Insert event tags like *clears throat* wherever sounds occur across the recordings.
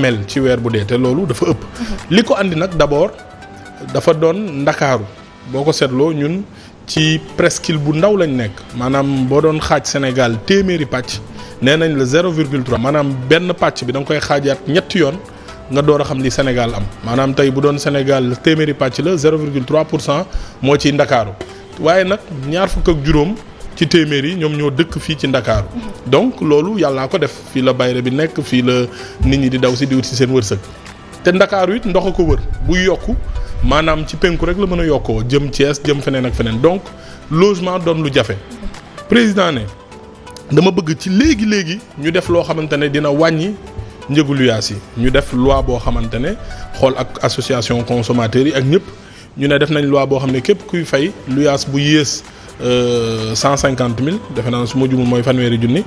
mel ci weer bu dee te loolu dafa ëpp. Mhm. li ko indi nag d'abord dafa doon ndakaaru boo ko seetloo ñun ci presqu'île bu ndaw lañ nekk maanaam boo doon xaaj Sénégal téeméeri pàcc nee nañ la 0,3 maanaam benn pàcc bi da nga koy xaajaat ñetti yoon nga door a xam li Sénégal am maanaam tey bu doon Sénégal téeméeri pàcc la 0,3 pour cent moo ciy ndakaaru waaye nag ñaar fukk ak juróom. ci téeméer yi ñoom ñoo dëkk fii ci Ndakaaru donc loolu yàlla naa ko def fii la bayre bi nekk fii la nit ñi di daw si di wut si seen wërsëg te Ndakaaru it ndox a ko wër buy yokku maanaam ci penku rek la mën a yokkoo jëm Thiès jëm feneen ak feneen donc logement doon lu jafe président ne dama bëgg ci léegi léegi ñu def loo xamante ne dina wàññi njëgu luyaas yi ñu def loi boo xamante ne xool ak association consommateurs yi ak ñëpp ñu ne def nañ loi boo xam ne képp kuy fay luyaas bu yées Euh, cent cinquante mille defe naa su ma jumul mooy fanweeri junni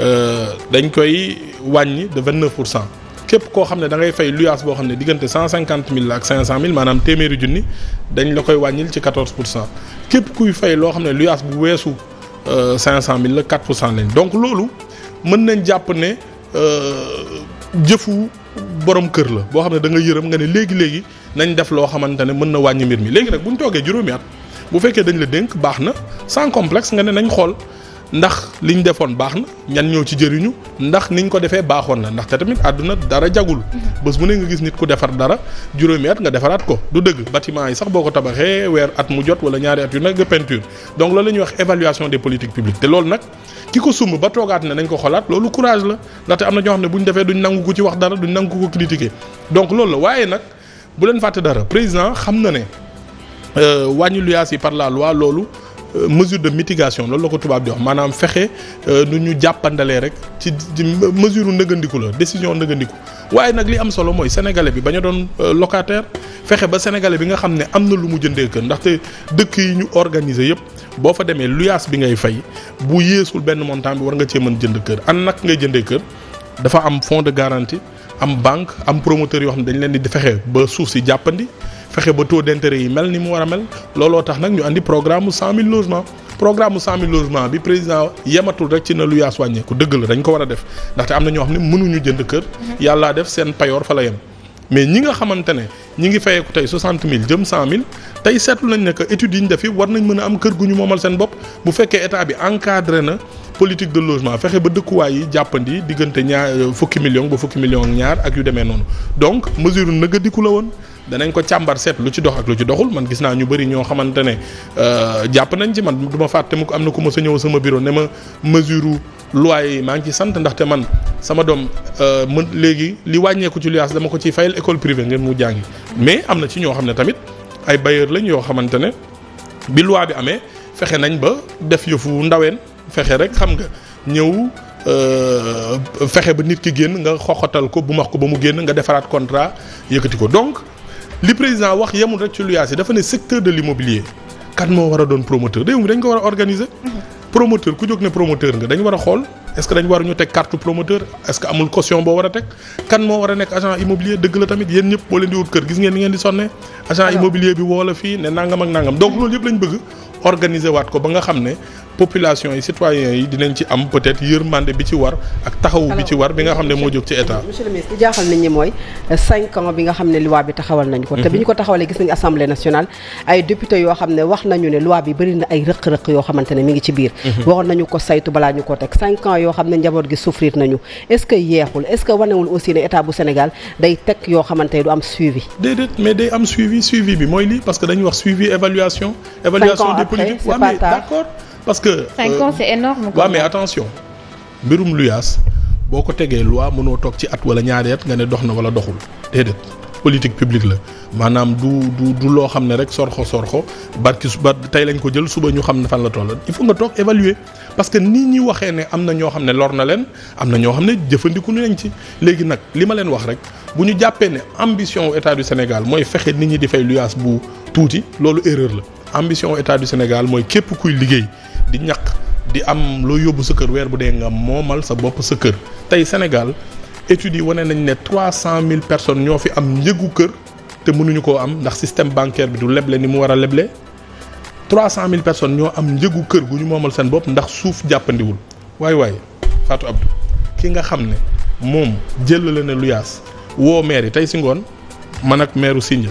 euh, dañ koy wàññi de vingt neuf pour cent képp koo xam ne dangay ngay fay luyaas boo xam ne diggante cent cinquante mille ak cinq cent mille maanaam téeméeri junni dañ la koy wàññil ci quatorze pour cent képp kuy fay loo xam ne luyaas bu weesu euh, cinq cent mille la quatre pour cent lañ donc loolu mën nañ jàpp ne jëfu borom kër la boo xam ne da yërëm nga ne léegi léegi nañ def loo xamante ne mën na wàññi mbir mi léegi rek bu ñu toogee juróomi bu fekkee dañu la dénk baax na sans complexe nga ne nañ xool ndax li ñu defoon baax na ñan ñëw ci jëriñu ndax ni ñu ko defee baaxoon na ndax te tamit àdduna dara jagul. Mm-hmm. bés bu ne nga gis nit ku defar dara juróomi at nga defaraat ko du dëgg bâtiment yi sax boo ko tabaxee weer at mu jot wala ñaari at yu nekk nga peinture donc loolu la ñuy wax évaluation des politiques publiques te loolu nag ki ko sumb ba toogaat ne nañ ko xolaat loolu courage la ndaxte am na ñoo ne bu ñu duñ nangu ko ci wax dara duñ nangu ko critiquer donc loolu la waaye nag bu leen fàtte dara président xam na ne. Euh, wàññi luyaas yi par la loi loolu euh, mesure de mitigation loolu la ko tubaab di wax maanaam fexe euh, nu ñu jàppandalee rek ci mesure ndëgëndiku la décision ndëgëndiku waaye nag li am solo mooy sénégalais bi ba ñu doon locataire fexe ba sénégalais bi nga xam ne am na lu mu jëndee kër ndaxte dëkk yi ñu organiser yëpp boo fa demee luyaas bi ngay fay bu yéesul benn montant bi war nga cee mën jënd kër an nag ngay jëndee kër dafa am fond de garantie am banque am promoteur yoo xam ne dañ leen di fexe ba suuf si jàppandi. fexe ba taux d'intérêt yi mel ni mu war a mel looloo tax nag ñu andi programme mu 100000 logements programme bi président yematul rek ci na lu yaas wàññeeku dëgg la dañ ko war a def ndaxte am na ñoo xam ne mënuñu jënd kër. yàllaa def seen payoor fa la yem. mais ñi nga xamante ne ñi ngi fayeeku tey 60000 jëm 100000 tey seetlu nañ ne que études yi ñu def war nañ mën a am kër gu ñu moomal seen bopp bu fekkee état bi encadré na politique de logement fexe ba dëkkuwaay yi jàppandi diggante ñaar fukki million ba fukki million ñaar ak yu demee noonu danañ ko càmbar seet lu ci dox ak lu ci doxul man gis naa ñu bëri ñoo xamante ne euh, jàpp nañ ci man du fàtte mu ko am na ko ma sa ñëw sama bureau ne ma mesure loi yi maa ngi ci sant ndaxte man sama doom euh, mën léegi li wàññeeku ci luyaas dama ko ciy fayal école privée ngeen mu jàngi mais am na ci ñoo xam ne tamit ay bailleur lañ yoo xamante ne bi loi bi amee fexe nañ ba def yëfu ndaween fexe rek xam nga ñëw euh, fexe ba nit ki génn nga xoxatal ko bu max ko ba mu génn nga defaraat contrat yëkkati ko donc li président wax yemul rek ci luyaas yi dafa ne secteur de l'immobilier kan moo war a doon promoteur réew mi dañ ko war a organiser. promoteur ku jóg ne promoteur nga dañ war a xool est-ce que dañ war ñu teg carte promoteur est-ce que amul caution boo war a teg kan moo war a nekk agent immobilier dëgg la tamit yéen ñëpp boo leen di wut kër gis ngeen ni ngeen di sonne. agent immobilier bi woo la fii ne nangam ak nangam donc loolu yëpp lañ bëgg organiser waat ko ba nga xam ne population yi citoyens yi dinañ ci am peut-être yërmande bi ci war ak taxawu bi ci war bi nga xam ne moo jóg ci état. monsieur jaaxal nit ñi mooy euh, cinq ans bi nga xam ne loi bi taxawal nañ ko. Mhm. te bi ñu ko taxawalee nañu mhm. ko teg cinq ans yoo xam ne njaboot gi souffrir nañu est yeexul est wanewul aussi ne état bu Sénégal day teg yoo xamante du am suivi. déedéet day am suivi bi mooy lii parce que dañuy wax suivi évaluation. évaluation des politiques waaw mais parce que. 5 ans euh, c'est énorme. waaw mais attention mbirum luyaas boo ko tegee loi mënoo toog ci at wala ñaari at nga ne dox na wala doxul déedéet. politique publique la maanaam du du du loo xam ne rek sorxo sorxo barki suba tey lañ ko jël suba ñu xam ne fan la toll il faut nga toog évaluer parce que nii ñi waxee ne am na ñoo xam ne lor na leen am na ñoo xam ne jëfandiku nañ ci léegi nag li ma leen wax rek bu ñu jàppee ne ambition état du Sénégal mooy fexe nit ñi di fay luyaas bu tuuti loolu erreur la ambition état du Sénégal mooy képp kuy liggéey di ñaq di am loo yóbbu sa kër weer bu dee nga moomal sa bopp sa kër tey Sénégal études yi wane nañ ne trois cent mille personnes ñoo fi am njëgu kër te mënuñu koo am ndax système bancaire bi du leble ni mu war a leble trois cent mille personnes ñoo am njëgu kër gu ñu moomal seen bopp ndax suuf jàppandiwul waay waay Fatou Abdou ki nga xam ne moom jël la ne lu yaas woo maire yi tey si ngoon man ak maireu Sindia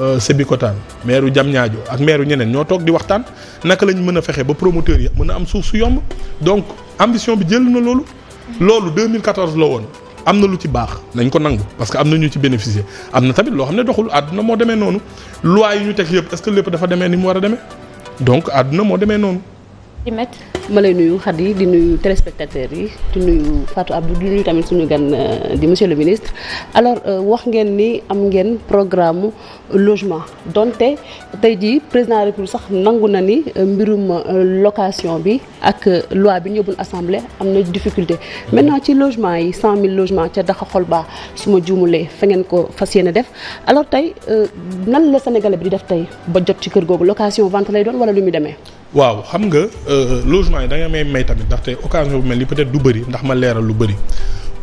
Euh, Sébikotane maire Diamniadio ak maire ñeneen ñoo toog di waxtaan naka la mën a fexe ba promoteur yi mën a am suuf su yomb donc ambition bi jël na loolu. loolu 2014 la woon am na lu ci baax nañ ko nangu parce am na ñu ci bénéficier am na tamit loo xam ne doxul àdduna moo demee noonu loi yi ñu teg yëpp est-ce lépp dafa demee ni mu war a demee donc àdduna moo demee noonu. ma lay nuyu Khady di nuyu téléspectateurs yi di nuyu Fatou Abdou di nuyu tamit suñu gan euh, di monsieur le ministre alors euh, wax ngeen ni am ngeen programme logement donte tey jii président de sax nangu na ni euh, mbirum location bi ak loi bi ñu yóbbul assemblée am na difficulté maintenant ci logement yi 100000 logements ca Daxa Xolba su ma juumulee fa ngeen ko fas yéene def alors tey nan la Sénégalais bi di def tey ba jot ci kër googu location vente lay doon wala lu muy demee. waaw xam nga euh, logement yi da may may tamit ndaxte occasion bu mel ni peut-être du bëri ndax ma leeral lu bëri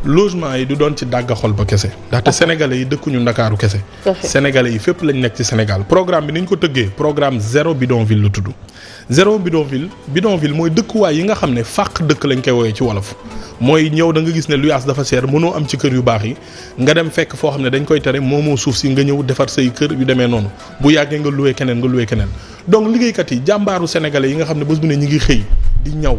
logement yi du doon ci dàgg xol ba kese ndaxte sénégalais yi dëkkuñu ndakaaru kese sénégalais yi fépp lañ nekk ci sénégal programme bi ni ñu ko tëggee programme zéro bidonville lu tudd zéro bidonville bidonville mooy dëkkuwaay yi nga xam ne fàq dëkk lañ koy woowee ci wolof mooy ñëw da nga gis ne luyaas dafa seer mënoo am ci kër yu baax yi nga dem fekk foo xam ne dañ koy moo moomoo suuf si nga ñëw defar say kër yu demee noonu bu yàggee nga luwee keneen nga luwee keneen donc liggéeykat yi jàmbaaru sénégalais yi nga xam ne bés bu ne ñi ngi xëy di ñaw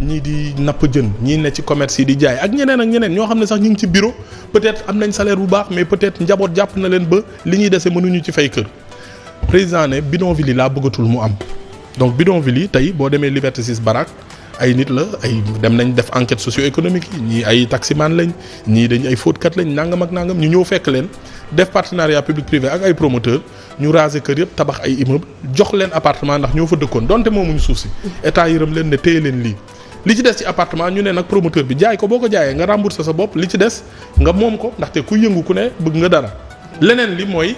ñii di napp jën ñii ne ci commerce yi di jaay ak ñeneen ak ñeneen ñoo xam ne sax ñu ngi ci biro peut-être am nañ salaire bu baax mais peut-être njaboot jàpp na leen ba li ñuy dese mënuñu ci fay kër président ne bidonville yi laa bëggatul mu am donc bidonville yi tey boo demee Liberté 6 Barak ay nit la ay dem nañ def enquête socio-économique yi ñii ay taximan lañ ñii dañu ay fóotkat lañ nangam ak nangam ñu ñëw fekk leen def partenariat public privé ak ay ñu raser kër yëpp tabax ay immeuble jox leen appartement ndax ñoo fa dëkkoon donte moomuñu suuf si mm-hmm. état yërëm leen ne téye leen lii li ci des ci appartement ñu ne nag promoteur bi jaay ko boo ko jaayee nga rembourser sa bopp li ci des nga moom ko ndaxte ku yëngu ku ne bëgg nga dara leneen li mooy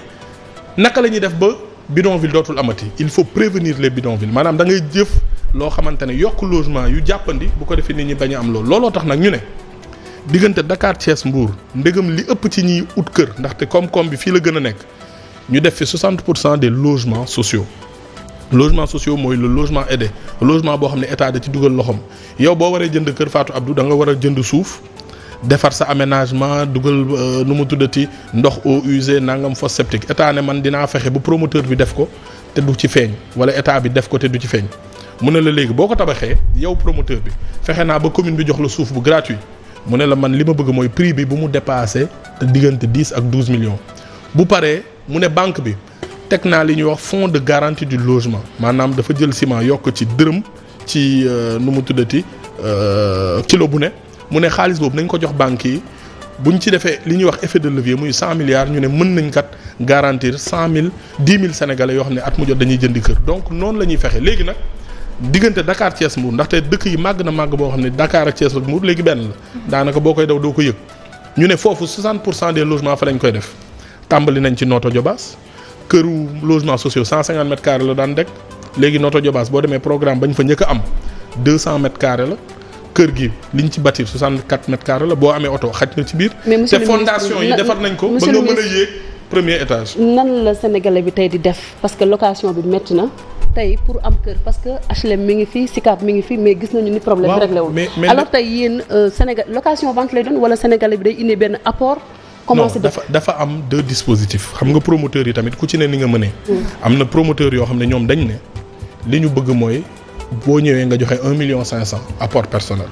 naka la ñuy def ba bidonville dootul amati il faut prévenir les bidonvilles maanaam da ngay jëf loo xamante ne yokk logement yu jàppandi bu ko defee nit ñi bañ a am loolu looloo tax nag ñu ne diggante Dakar Thiès mbuur ndegam li ëpp ci ñiy ut kër ndaxte koom-koom bi fii la gën a nekk ñu def fi pour cent des logements sociaux logement sociaux mooy lu logement aidé logement boo xam ne état da ci dugal loxoom yow boo waree jënd kër Fatou Abdou danga nga war a jënd suuf defar sa aménagement dugal euh, nu mu tuddati ndox eau nangam fosse septique état ne man dinaa fexe bu promoteur bi def ko te du ci feeñ wala état bi def ko te du ci feeñ mu ne la léegi boo ko tabaxee yow promoteur bi fexe naa ba commune bi jox la suuf bu gratuit mu ne la man li ma bëgg mooy prix bi bu mu dépassé te diggante dix ak douze millions bu paree mu ne banque bi. teg naa li ñuy wax fonds de garantie du logement maanaam dafa jël ciment yokk ci dërëm ci euh, nu mu tuddati euh, kilo bu ne mu ne xaalis boobu nañ ko jox banque yi bu ñu ci defee li ñuy wax effet de levier muy cent milliards ñu ne mën nañ kat garantir cent mille dix mille sénégalais yoo xam ne at mu jot dañuy jëndi kër donc noonu la ñuy fexe léegi nag diggante Dakar Thiès Mbour ndaxte dëkk yi màgg na màgg boo xam ne Dakar ak Thiès ak Mbour léegi benn la. daanaka boo koy daw doo ko yëg ñu ne foofu 60 pour cent des logements fa lañ koy def tàmbali nañ ci Notto Diobass këru logement sociaux 150 mètres carrés la daan dekk léegi Notto Diobass boo demee programme bañ fa njëkk a am 200 mètres carrés la kër gi liñ ci bâtir 64 mètres carrés la boo amee oto xaj na ci biir. te fondation yi defar nañ ko ba nga mën a premier étage. nan la sénégalais bi tey di def parce que location bi métti na. tey pour am kër parce que HLM mi ngi fi SICAP mi ngi fi mais gis nañu ni problème bi réglé wul tey yéen euh, commencé dafa dafa am deux dispositifs xam nga promoteurs yi tamit ku ci ne ni nga mënee. Mm. am na promoteurs yoo xam ne ñoom dañ ne li ñu bëgg mooy boo ñëwee nga joxe un million cinq cent apport personnel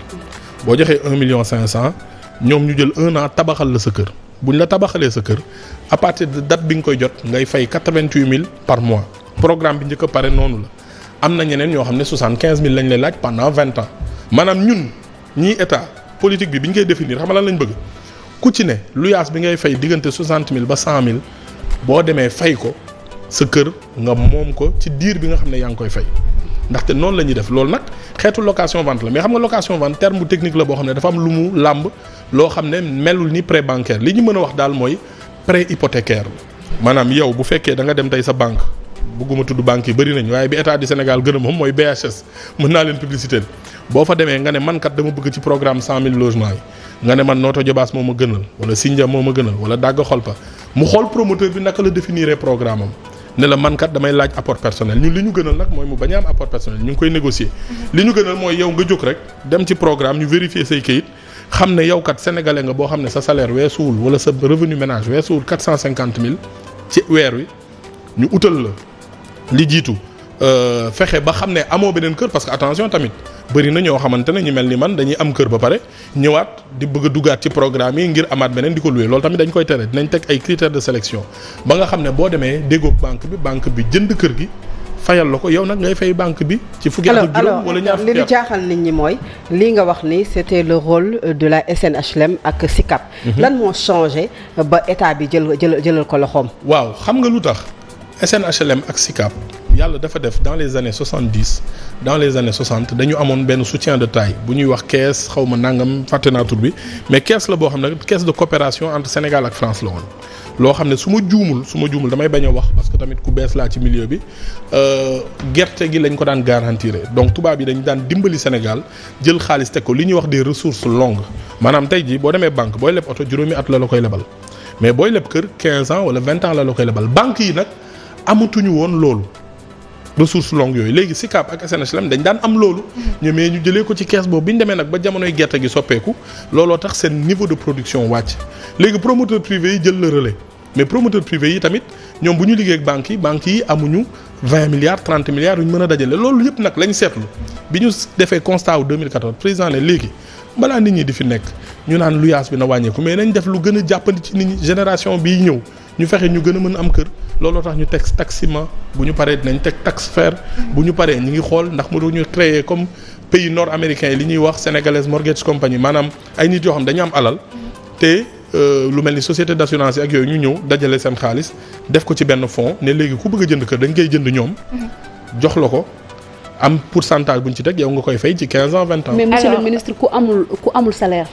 boo joxee million cinq cent ñoom ñu jël un an tabaxal la sa kër buñ la tabaxalee sa kër à partir de date bi nga koy jot ngay fay quatre-vingt-huit mille par mois programme bi njëkk pare noonu la am na ñeneen ñoo xam ne soixante-quinze mille lañ lay laaj pendant vingt ans maanaam ñun ñii état politique bi bi ñu koy définir xam nga lan lañ bëgg. ku ci ne luyaas bi ngay fay diggante soixante mille ba cent mille boo demee fay ko sa kër nga moom ko ci diir bi nga xam ne yaa ngi koy fay ndaxte noonu la ñuy def loolu nag xeetu location vente la mais xam nga location vente terme bu technique la boo xam ne dafa am lu mu làmb loo xam ne melul ni prêt bancaire li ñu mën a wax daal mooy prêt hypothécaire maanaam yow bu fekkee danga dem tey sa banque bëgguma tudd banque yi bëri nañu waaye bi état du Sénégal gën a moom mooy BHS mën naa leen publicité boo fa demee nga ne man kat dama bëgg ci programme 100000 logements nga ne man nooto Diobass moo ma gënal wala Sindia moo ma gënal wala Dagg Xolpa mu xool promoteur bi naka la définir programme am ne la man kat damay laaj apport personnel ñun li ñu gënal nag mooy mu bañ a am apport personnel ñu ngi koy négocier. li ñu gënal mooy yow nga jóg rek dem ci programme ñu vérifier say kayit xam ne yow kat sénégalais nga boo xam ne sa salaire weesuwul wala sa revenu ménage weesuwul quatre cent cinquante mille ci weer wi ñu utal la li jiitu euh, fexe ba xam ne amoo beneen kër parce que attention tamit. bëri na ñoo xamante ne ñu mel ni man dañuy am kër ba pare ñëwaat di bëgg a dugaat ci programme yi ngir amaat beneen di ko loué loolu tamit dañ koy tere dinañ teg ay critères de sélection ba nga xam ne boo demee déggoog banque bi banque bi jënd kër gi fayal la ko yow nag ngay fay banque bi. ci fukki at ak juróom wala ñaar fukki at li ñu jaaxal nit ñi mooy lii nga wax ni c'était le rôle de la SNHLM ak SICAP. Mhm. lan moo changé ba état bi jël jël jëlal ko loxoom. waaw xam nga lu tax SNHLM ak SICAP. yàlla dafa def dans les années soixante dix dans les années soixante dañu amoon benn soutien de taille bu ñuy wax caisse xaw ma nangam fàtte naa tur bi mais caisse la boo xam ne caisse de coopération entre Sénégal ak France la woon. loo xam ne su ma juumul su ma juumul damay bañ a wax parce que tamit ku bees laa ci milieu bi euh, gerte gi lañ ko daan garantir donc tubaab yi dañu daan dimbali Sénégal jël xaalis teg ko li ñuy wax des ressources longues maanaam tey jii boo demee banque booy leb oto juróomi at la la koy lebal mais booy leb kër 15 ans wala 20 ans la la koy lebal banque yi nag amatuñu woon loolu ressources longues yooyu léegi SICAP ak SNHLM dañ daan am loolu. ñu mais ñu jëlee ko ci kees boobu bi ñu demee nag ba jamonoy gerte gi soppeeku looloo tax seen niveau de production wàcc léegi promoteur privé yi jël le relais mais promoteur privé yi tamit ñoom bu ñu liggéey ak banques yi banques yi amuñu 20 milliards 30 milliards yu ñu mën a dajale loolu yëpp nag lañ seetlu bi ñu defee constat wu 2014 président ne léegi. balaa nit ñi di fi nekk ñu naan luyaas bi na wàññeeku mais nañ def lu gën a jàppandi ci nit génération bii ñëw ñu fexe ñu gën a mën am kër looloo tax ñu teg taxe bu ñu paree dinañ teg tax fer bu ñu paree ñu ngi xool ndax mu ñu créer comme pays nord américain yi li ñuy wax sénégalaise mortgage compagnie maanaam ay nit yoo xam dañu am alal te euh, lu mel ni société d' assurance yi ak yooyu ñu ñëw dajale seen xaalis def ko ci benn fonds ne léegi ku bëgg a jënd kër dañ kay jënd ñoom jox la ko am pourcentage bu ñu ci teg yow nga koy fey ci 15 ans 20 ans. mais ministre ku amul ku amul salaire.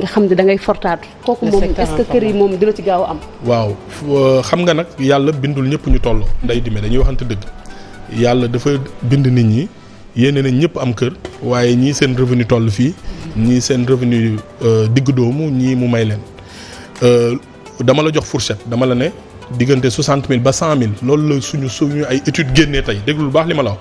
nga xam ne da ngay fortaatu kooku moom est kër yi moom dina ci gaaw am waaw euh, xam nga nag yàlla bindul ñëpp ñu toll nday dime dañuy waxante dëgg yàlla dafa bind nit ñi yéene nañ ñëpp am kër waaye ñii seen revenu toll fii ñii seen revenu euh, digg doomu ñii mu may leen euh, dama la jox fourchette dama la ne diggante soixante mille ba cent mille loolu la suñu suñu ay études génnee tey déglul baax li ma la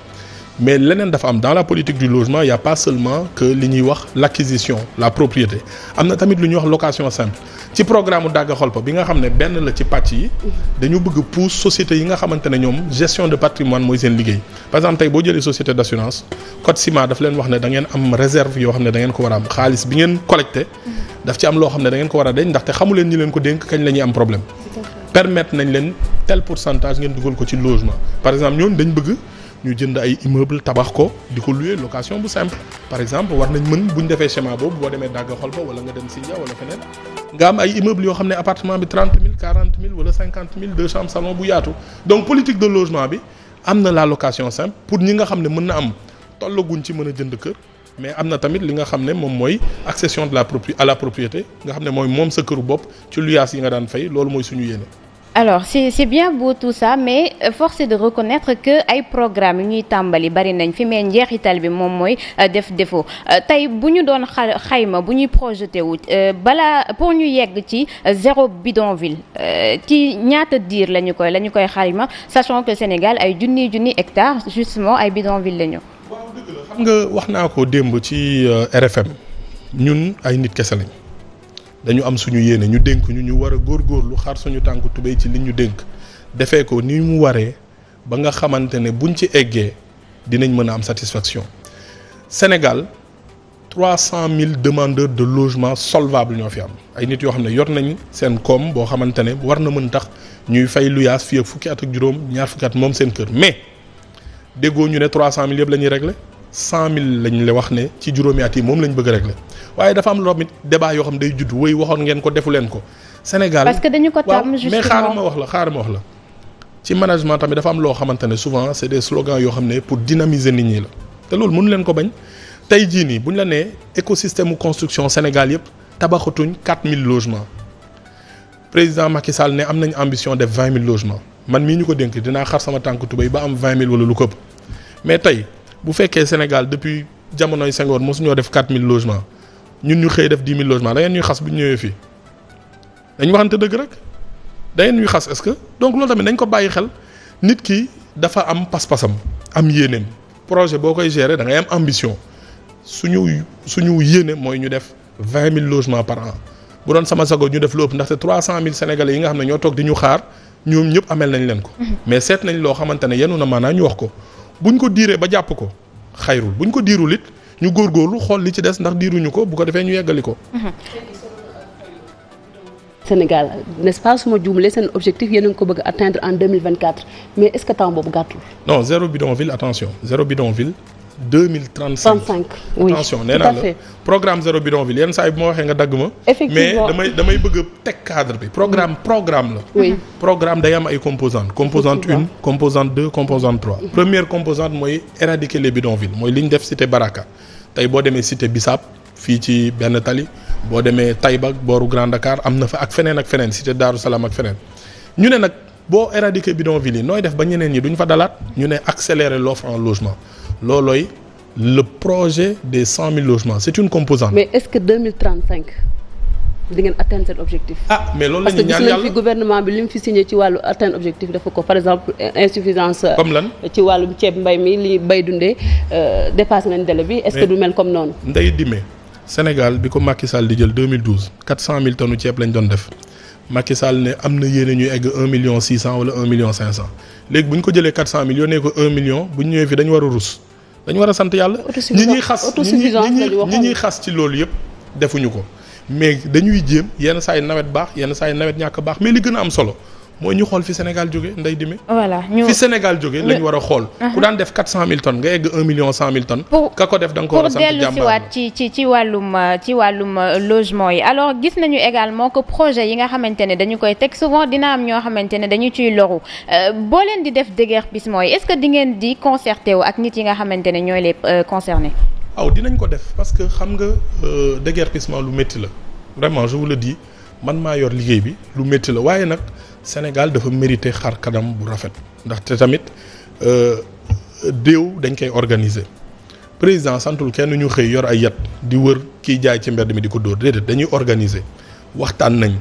mais leneen dafa am dans la politique du logement il a pas seulement que li ñuy wax l'acquisition la propriété am na tamit lu ñuy wax location simple ci programme u dàgg bi nga xam ne benn la ci pàcc yi dañu bëgg pousse société yi nga xamante ne ñoom gestion de patrimoine mooy seen liggéey par exemple tey boo jëlee société d'assurance code CIMA daf leen wax ne da ngeen am réserve yoo xam ne da ngeen ko war a am xaalis bi ngeen collecté daf ci am ne da ngeen ko war a xamu leen ñi leen ko dénk kañ la ñuy am problème permettre nañ leen tel pourcentage ngeen dugal ko ci logement par exemple ñoom dañ bëgg ñu jënd ay immeuble tabax ko di ko louer location bu simple par exemple war nañ mën bu defee schéma boobu boo demee dàgg xol ba wala nga dem Sindia wala feneen nga am ay immeuble yoo xam ne appartement bi trente mille quarante mille wala cinquante mille deux chambres salon bu yaatu donc politique de logement bi am na la location simple pour ñi nga xam ne mën na am tollaguñ ci mën a jënd kër mais am na tamit li nga xam ne moom mooy accession de la propi à la propriété nga xam ne mooy moom sa këru bopp ci luyaas yi nga daan fay loolu mooy suñu yéene alors c'est bien beau tout ça mais euh, force est de reconnaître que ay programme yu ñuy tàmbali bari nañ fi mais njeexital bi moom mooy euh, def défaut euh, tey bu ñu doon xayma bu ñuy projeté wu bala pour ñu yegg ci zéro bidonville ci ñaata diir la ñu koy la ñu koy xayma sachant que Sénégal ay junni junni hectares justement ay bidonville la la xam nga wax naa ko démb ci RFM ñun ay nit kese lañ. dañu am suñu yéene ñu dénk ñu ñu war a lu xaar suñu tànk tubéy ci li ñu dénk defee ko ni mu waree ba nga xamante ne buñ ci eggee dinañ mën a am satisfaction Sénégal trois cent mille demandeurs de logement solvable ñoo fi am ay nit yoo xam ne yor nañ seen koom boo xamante ne war na mën tax ñuy fay luyaas fii ak fukki at ak juróom ñaar fukki at moom seen kër mais déggoo ñu ne trois cent mille yëpp la ñuy régler cent mille lañ la wax ne ci juróomi at yi moom lañ bëgg rek régler waaye dafa am loo xam débat yoo xam day judd wéy waxoon ngeen ko defu leen ko. Sénégal parce que mais xaaral ma wax la xaaral ma wax la. ci management tamit dafa am loo xamante ne souvent c'est des slogans yoo xam ne pour dynamiser nit ñi la te loolu mënu leen ko bañ tey jii nii bu ñu la nee écosystème construction Sénégal yëpp tabaxatuñ 4000 logements président Macky Sall ne am nañ ambition def vingt 000 logements man mii ñu ko dénk dinaa xar sama tànk tubéy ba am 20 000 wala lu këpp mais tey. bu fekkee Sénégal depuis jamonoy Senghor mosu ñoo def 4000 logements ñun ñu xëy def dix 000 logements da ngeen xas bu ñu ñëwee fii dañu waxante dëgg rek da ngeen ñuy xas est que donc loo tamit dañ ko bàyyi xel nit ki dafa am pas-pasam am yéeneem projet boo koy gérer da am ambition suñu suñu yéene mooy ñu def 20 000 logements par an bu doon sama sago ñu def lu ëpp ndaxte 300 000 sénégalais yi nga xam ne ñoo toog di ñu xa ñoom ñëpp amel nañ leen ko. Mm-hmm. mais seet nañ loo xamante ne yenu na maanaa ñu wax ko. bu buñ ko diiree ba jàpp ko xayrul buñ ko diirul it ñu góor góorlu xool li ci des ndax diiruñu ko bu ko defee ñu yeggali ko. Sénégal n'est-ce pas su ma juumlee seen objectif yéen ko bëgg atteindre en mais est-ce que temps boobu gàttul. non zéro bidonville attention zéro bidonville. deux mille trente cinq oui attention nee naa la programme zéro bidonville yenn saa yi bu waxee nga dagg ma. mais damay damay bëgg a teg cadre bi programme programme la. programme day am ay composantes. composante une composante deux composante trois. Mhm. première composante mooy éradiquer les bidonvilles mooy li ñu def cité Baraka tey boo demee cité Bissap fii ci benn tali boo demee Taïba booru Grand Dakar am na fa ak feneen ak feneen cité Darou Salaam ak feneen ñu ne nag boo éradiquer bidonville yi nooy def ba ñeneen ñi duñ fa dalaat ñu ne accélérer l'offre en logement. loolooy le projet des cent mille logements c'est une composante. mais est-ce que deux mille trente objectif. ah mais loolu la fi gouvernement bi li mu fi signé ci wàllu atteindre objectif dafa ko par exemple insuffisance. Euh, comme lan ci wàllum ceeb mbay mi li bay dundee euh, dépasse nañ délai bi. est-ce que du mel comme noonu. nday dimbee Sénégal bi ko Macky Sall di jël 2012 ceeb lañ doon def Macky ne am na yéene ñuy egg million 600 wala 1 million léegi bu ñu ko jëlee 400 a rus. dañu war a sant yàlla. ñi ñuy xas ñi ñuy xas ci loolu yëpp defuñu ko mais dañuy jéem yenn saa yi nawet baax yenn saa yi nawet ñàkk baax mais li gën a am solo mooy ñu xool fi Sénégal jóge nday dimi voilà ñu fi Sénégal jóge lañu ñu war a xool. Uh-huh. ku daan def 400000 tonnes nga egg 1 million 100000 tonnes. ka ko def da nga ko war ci ci ci wàllum uh, ci uh, yi alors gis nañu également que projet yi nga xamante ne dañu koy teg souvent dina am ñoo xamante ne dañu ciy loru uh, boo leen di def déguerpissement yi est-ce que di ngeen di concerté wu ak nit yi nga xamante ne ñooy les concernés. waaw dinañ ko def parce que xam nga déguerpissement lu métti la vraiment je vous le man maa yor liggéey bi lu métti la waaye nag. Sénégal dafa mérité xar kanam bu rafet ndaxte tamit euh, déew dañ koy organiser président santul kenn ñu xëy yor ay yat di wër kiy jaay ci mbedd mi di ko dóor déedéet dañuy organiser waxtaan nañ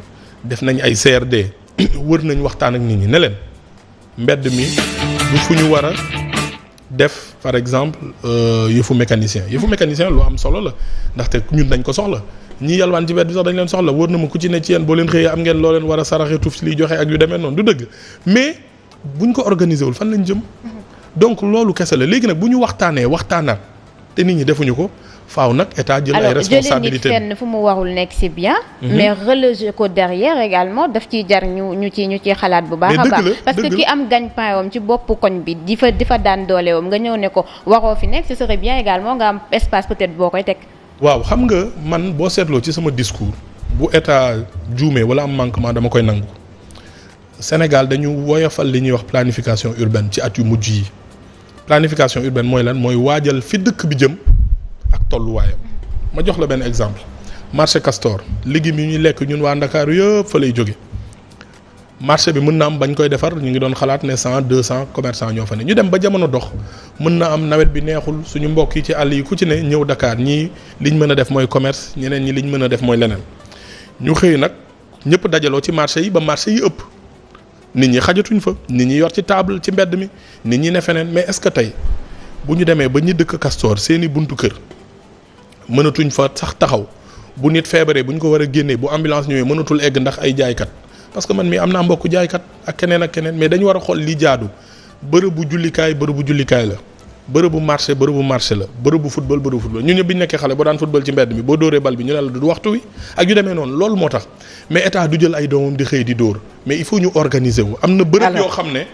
def nañ ay CRD *clears throat* wër nañ waxtaan ak nit ñi ne leen mbedd mi du fu ñu war a def par exemple euh, yëfu mécanicien yëfu mécanicien lu am solo la ndaxte ñun dañ ko soxla. ñi yalwaan ci wet bi sax dañ leen soxla wóor na ma ku ci ne ci yéen boo leen xëyee am ngeen loo leen war a saraxe tuuf si liy joxe ak yu demee noonu du dëgg mais buñ ko organisé wul fan lañ jëm donc loolu kese la léegi nag bu ñu waxtaanee waxtaanaat te nit ñi defuñu ko faaw nag état jël ay responsabilité alors fenn fu mu warul nekk si bien. Mhm. mais reloger ko derrière également daf ci jar ñu ñu ci ñu ciy xalaat bu baax a baax parce que ki am gagne-pain wam ci bopp koñ bi fa di daan doole wam nga ñëw ne ko waroo fi nekk ce serait bien nga am espace peut-être boo koy teg waaw xam nga man boo seetloo ci sama discours bu état juumee wala am manquement dama koy nangu Sénégal dañu woyofal li ñuy wax planification urbaine ci at yu mujj yi planification urbaine mooy lan mooy waajal fi dëkk bi jëm ak tolluwaayam ma jox la benn exemple marché Castor légumes yi ñuy lekk ñun waa Ndakaaru yëpp fa lay jóge marché bi mën na am bañ koy defar ñu ngi doon xalaat ne cent deux cent commerçant ñoo fa ne ñu dem ba jamono dox mën na am nawet bi neexul suñu mbokk yi ci àll yi ku ci ne ñëw Dakar ñii liñ mën a def mooy commerce ñeneen ñi liñ mën a def mooy leneen ñu xëy nag ñëpp dajaloo ci marché yi ba marché yi ëpp nit ñi xajatuñ fa nit ñi yor ci table ci mbedd mi nit ñi ne feneen mais est-ce que tey bu ñu demee ba ñu dëkk Castor seeni buntu kër mënatuñ fa sax taxaw bu nit feebaree bu ko war a génnee bu ambulance ñëwee mënatul egg ndax ay jaaykat. parce que man mii am naa mbokk jaaykat ak keneen ak keneen mais dañu war a xool li jaadu bërëbu jullikaay bu jullikaay la bërëbu marché bu marché la bërëbu football bërëbu football ñun ñëpp bi ñu nekkee xale boo daan football ci mbedd mi boo dóoree bal bi ñu ne la du waxtu wi ak yu demee noonu loolu moo tax mais état du jël ay doomam di xëy di dóor mais il faut ñu organiser wu am na bërëb yoo xam ne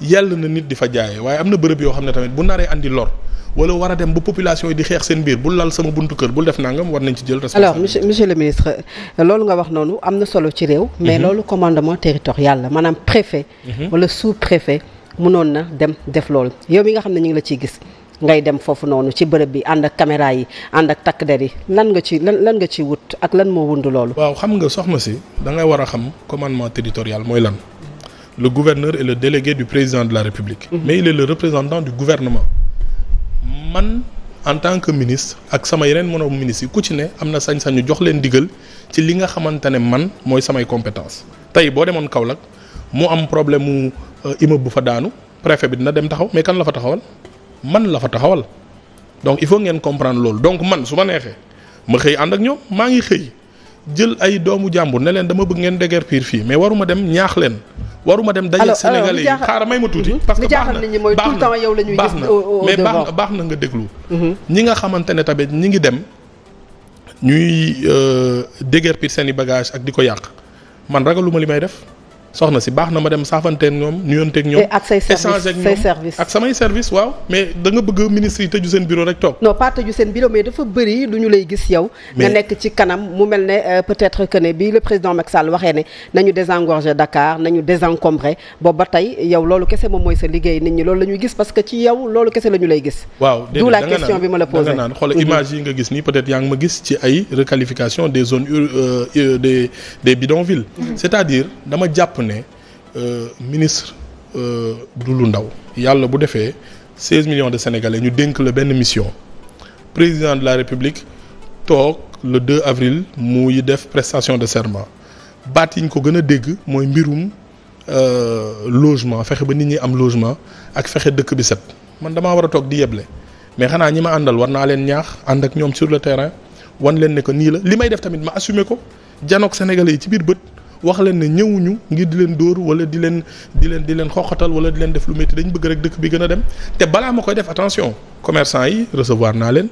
yàlla na nit di fa jaayee waaye am na bërëb yoo xam ne tamit bu naree andi lor wala war a dem ba population yi di xeex seen biir bu lal sama buntu kër bul def nangam war nañ ci jël responsabilité alors monsieur le ministre euh, loolu nga wax noonu am na solo ci réew mais mhm. loolu commandement territorial la maanaam préfet mhm. wala sous préfet mënoon na dem def loolu yow mi nga xam ne ñu ngi la ciy gis ngay dem foofu noonu ci bërëb bi ànd ak caméra yi ànd ak takk der yi lan nga ci lan lan nga ci wut ak lan moo wund loolu. waaw xam nga soxna si da ngay war a xam commandement territorial mooy lan le gouverneur est le délégué du la République. Mhm. mais il man en tant que ministre ak sama yeneen moroom ministre yi ku ci ne am na sañ-sañu jox leen digal ci li nga xamante ne man mooy samay compétence tey boo demoon Kaolack mu am problème mu euh, immeuble bu fa daanu préfet bi dina dem taxaw mais kan la fa taxawal man la fa taxawal donc il faut ngeen comprendre loolu donc man su ma neexee ma xëy ànd ak ñoom maa ngi xëy. jël ay doomu jàmbur ne leen dama bëgg ngeen déguerpir fii mais waruma dem ñaax leen waruma dem daje sénégalais yi xaaral may ma tuuti mhm. parce que baax na baax na baax na mais baax na baax na nga déglu mhm. ñi nga xamante ne tamit ñi ngi dem ñuy euh, déguerpir seen i bagage ak di ko yàq man ragaluma li may def soxna si baax na ma dem saafanteeg ñoom nuyonteeg ñoom. ak say service ak samay service waaw mais da nga bëgg ministre yi tëju seen bureau rek toog. non pas tëju seen bureau mais dafa bëri lu ñu lay gis yow. nga nekk ci kanam mu mel ne euh, peut-être que ne bi le président Macky Sall waxee ne nañu désengorger Dakar nañu désencombré boobu ba tey yow loolu kese moom mooy sa liggéey nit ñi loolu la ñuy gis parce que ci yow loolu kese la ñu lay gis. waaw d'où la question bi ma la posé. Mhm. ma gis ne euh, ministre euh, du lu ndaw yàlla bu defee seize millions de sénégalais ñu dénk la benn mission président de la république toog le 2 mu muy def prestation de serment baat yi ñu ko gën a dégg mooy mbirum euh, logement fexe ba nit ñi am logement ak fexe dëkk bi set man damaa war a toog di yeble mais xanaa ñi ma àndal war naa leen ñaax ànd ak ñoom sur le terrain wan leen ne nii la li may def tamit ma assumer ko janook sénégalais yi ci biir bët. wax leen ne ñëwuñu ngir di leen dóor wala di leen di leen di leen xoqatal wala di leen def lu métti bëgg rek dëkk bi gën a dem te balaa ma koy def attention commerçant yi recevoir naa leen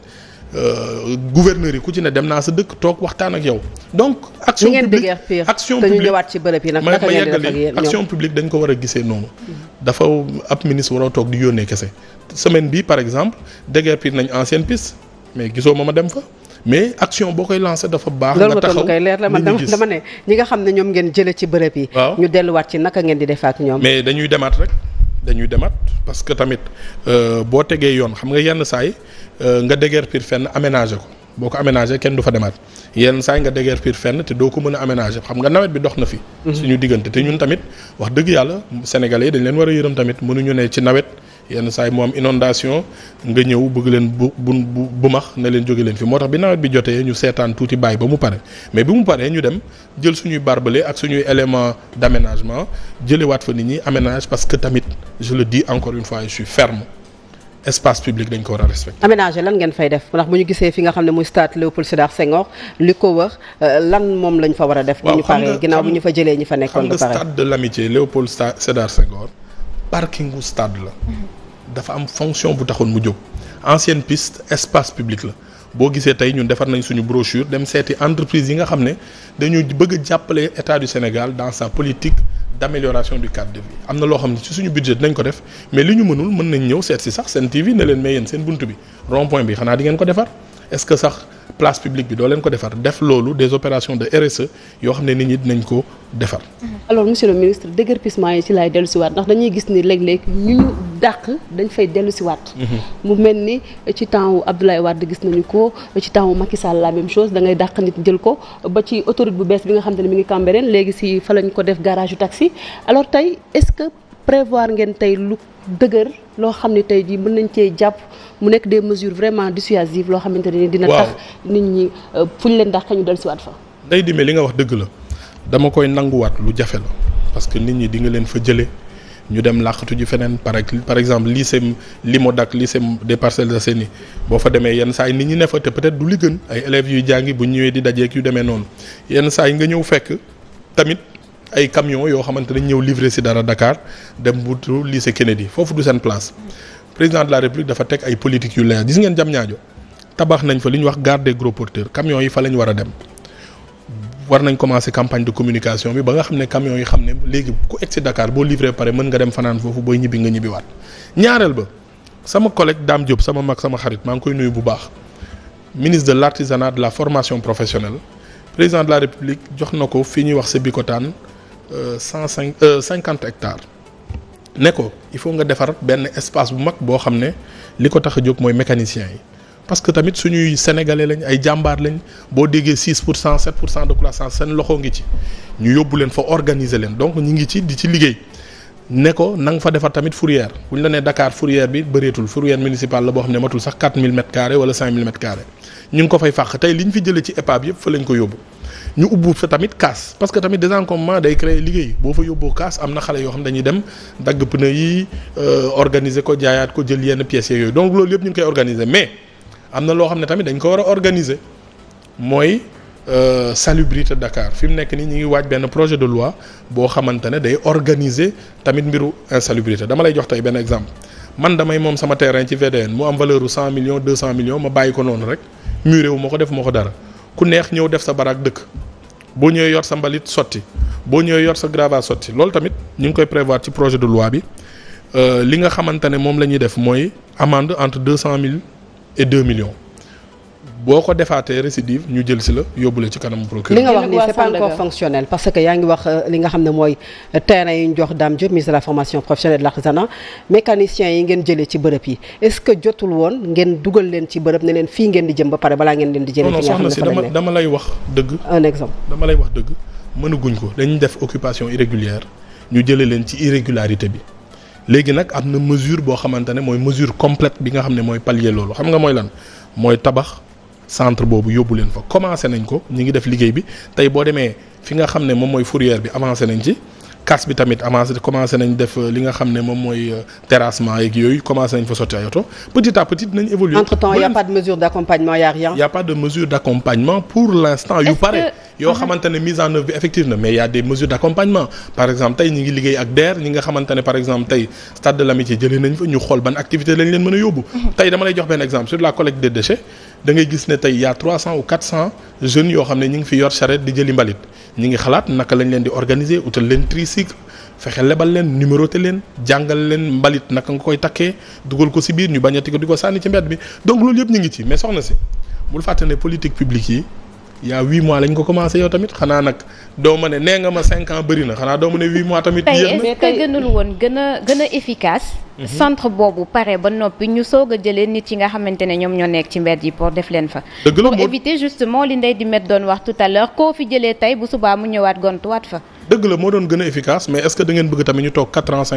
euh, gouverneur yi ku ci ne dem naa sa dëkk toog waxtaan ak yow. donc action publique action publique te ñu ci bërëb yi nag naka ngeen di def ak dañ ko war a gisee noonu. Mm-hmm. dafa ab ministre waroo toog di yónnee kese semaine bi par exemple déguerpi nañ ancienne piste mais gisoo ma ma dem fa. mais action boo koy lancé dafa baax. nga taxaw loolu leer la man dama ne ñi nga xam ne ñoom ngeen jëlee ci bërëb yi. waaw ñu delluwaat ci naka ngeen di defee ak ñoom. mais dañuy demaat rek dañuy demaat parce que tamit euh, boo tegee yoon xam nga yenn saay euh, nga déguerpir fenn aménager ko. boo ko aménagé kenn du fa demaat yenn saa nga déguerpir fenn te doo ko mën a aménagé xam nga nawet bi dox na fi. Mhm. suñu diggante te ñun tamit wax dëgg yàlla sénégalais yi dañ leen war a yërëm tamit mënuñu ne ci nawet. yenn saa moom mu inondation nga ñëw bëgg leen bu bu bu max ne leen jóge leen fi moo tax bi nawet bi jotee ñu seetaan tuuti bàyyi ba mu pare mais bi mu paree ñu dem jël suñuy barbelé ak suñuy élément d' aménagement waat fa nit ñi aménage parce que tamit je le dis encore une fois je suis ferme espace public dañ ko war a respecté. aménagé lan ngeen fay def ndax bu ñu gisee fi nga xam ne muy stade Léopold Sédar Senghor li ko wër euh, lan moom lañ fa war a def. bu ñu paree ginnaaw ñu fa jëlee ñi fa nekkoon. ba pare xam nga stade de l'amitié Léopold Sédar Senghor parkingu stade la. Mhm. dafa am fonction bu taxoon mu jóg ancienne piste espace public la boo gisee tey ñun defar nañ suñu brochure dem seeti entreprise yi nga xam ne dañu bëgg jàppale état du Sénégal dans sa politique d'amélioration du cadre de vie am na loo xam ne ci suñu budget nañ ko def mais li ñu mënul mën nañ ñëw seet si sax seen TV ne leen mais yéen seen bunt bi rond point bi xanaa di ngeen ko defar est-ce que sax place publique bi doo leen ko defar def loolu des opérations de RSE yoo xam ne nit ñi dinañ ko defar. alors monsieur le ministre déguerpissement yi ci laay dellu siwaat ndax dañuy gis ni léeg-léeg ñu ñu dàq dañ fay dellu siwaat mhm. mu mel ni ci temps wu Abdoulaye Wade gis nañu ko ci temps wu Macky Sall la même chose da ngay dàq nit jël ko ba ci autoroute bu bees bi nga xam ne mu ngi Cambérène léegi si fa lañ ko def garage yu taxi alors tey est-ce que prévoir ngeen tey lu dëgër loo xam ne tey jii mën nañ cee jàpp. mu nekk des mesures vraiment dissuasives loo xamante ne dina tax nit ñi euh, fu ñu leen dàqee ñu dellusiwaat fa day dimee li nga wax dëgg la dama koy nanguwaat lu jafe la parce que nit ñi di nga leen fa jële ñu dem làqatu ji feneen par par exemple lycée Limodac lycée des Parcelles Assainies boo fa demee yenn saa yi nit ñi ne fa te peut-être du li gën ay élèves yuy jàngi bu ñëwee di dajeek yu demee noonu yenn saa yi nga ñëw fekk tamit ay camions yoo xamante ne ñëw livrer ci dara Dakar dem bu lycée Kennedy foofu du seen président de la république dafa teg ay politique yu leer gis ngeen jam ñaajo tabax nañ fa li ñuy wax garde des gros porteurs camions yi fa la ñu war a dem war nañ commencer campagne de communication bi ba nga xam ne camions yi xam ne léegi ku egg si Dakar boo livré pare mën nga dem fanaan foofu booy ñibbi nga ñibbiwaat ñaareel ba sama collègue Dame Diop sama mag sama xarit maa ngi koy nuyu bu baax ministre de l'artisanat de la formation professionnelle président de la jox na ko fii ñuy wax Sébikotane euh, cent cinq euh, cinquante hectares ne ko il faut nga defar benn espace bu mag boo xam ne li ko tax a jóg mooy mécanicien yi parce que tamit suñuy sénégalais lañ ay jàmbaar lañ boo déggee 6 pour cent 7 pour cent de croissance seen loxo ngi ci ñu yóbbu leen fa organiser leen donc ñu ngi ci di ci liggéey ne ko na nga fa defar tamit fourrière bu ñu la nee Dakar fourrière bi bëreetul fourrière municipale la boo xam ne matul sax 4000 mètres carrés wala 5000 mètres carrés ñu ngi ko tey li ñu fi jëlee ci épave yëpp fa lañ ko ñu ubbu fa tamit kaas parce que tamit désencombrement day créer liggéey boo fa yóbboo kaas am na xale yoo xam dañuy dem dagg pneu yi euh, organiser ko jaayaat ko jël yenn pièces yooyu donc loolu yëpp ñu ngi koy organiser mais am na loo xam ne tamit dañ ko war a organiser mooy euh, salubrité dakaar fi mu nekk nii ñu ngi waaj benn projet de loi boo xamante day organiser tamit mbiru insalubrité dama lay jox tey benn exemple man damay moom sama terrain ci VDN mu am valeur u 100 millions 200 millions ma bàyyi ko noonu rek muré wu ma ko def ko dara. ku neex ñëw def sa baraak dëkk boo ñëwee yor sa mbalit sotti boo ñëwee yor sa grava sotti loolu tamit ñu ngi koy prévoir ci projet de loi bi euh, li nga xamante ne moom la ñuy def mooy amende entre deux cent mille et deux millions boo ko defaatee récidive ñu jël si la yóbbu la ci kanamu procureur. li nga wax parce que yaa ngi wax euh, li nga xam ne mooy euh, terrain yi ñu jox Dame Diop la formation professionnelle de l'artisanat mécaniciens yi ngeen jëlee ci bërëb yi est-ce que jotul woon ngeen dugal leen ci bërëb ne leen fii ngeen di jëm ba pare balaa ngeen leen di jëlee. fi nga xam ne dama dëgg. un exemple dama lay wax dëgg mënaguñ ko dañuy def occupation irrégulière ñu jëlee leen ci irrégularité bi léegi nag am na mesure boo xamante ne mooy mesure complète bi nga xam ne mooy pallier loolu xam nga mooy lan mooy tabax centre boobu yóbbu leen fa commencé nañ ko ñu ngi def liggéey bi tey boo demee fi nga xam ne moom mooy fourrière bi avancé nañ ci kas bi tamit avancé commencé nañ def euh, li nga xam ne moom mooy euh, terrassement yeeg yooyu commencé nañ fa sotti ay oto petit à petit nañ évoluer. entre temps y' a pas de mesure d' accompagnement pour l' yu pare yoo uh-huh. xamante mise en œuvre bi effective na mais y' a des mesures par exemple tey ñi ngi liggéey ak DER ñi nga da ngay gis ne tey yaa a trois cent ou quatre cent jeunes yoo xam ne ñu ngi fi yor charrette di jëli mbalit ñu ngi xalaat naka lañ leen di organiser utal leen tricycle fexe lebal leen te leen jàngal leen mbalit naka nga koy takkee dugal ko si biir ñu bañati ko di ko sànni ci mbedd bi donc loolu yëpp ñu ngi ci mais soxna si bul fàtte ne politique publique yi. y a huit mois lañ ko commencé yow tamit xanaa nag doo ne nee nga ma cinq ans bëri na xanaa doo ma ne huit mois tamit. tey est-ce que gënul woon gën a efficace. Mhm. centre boobu pare ba noppi ñu soog a jëlee nit yi nga xamante ne ñoom ñoo nekk ci mbedd yi pour def leen fa. dëgg la pour éviter justement li Ndeye Dimet doon wax tout à l'heure koo fi jëlee tey bu subaa mu ñëwaat gontuwaat fa. dëgg la moo doon gën a efficace mais est-ce que da ngeen bëgg tamit ñu toog quatre ans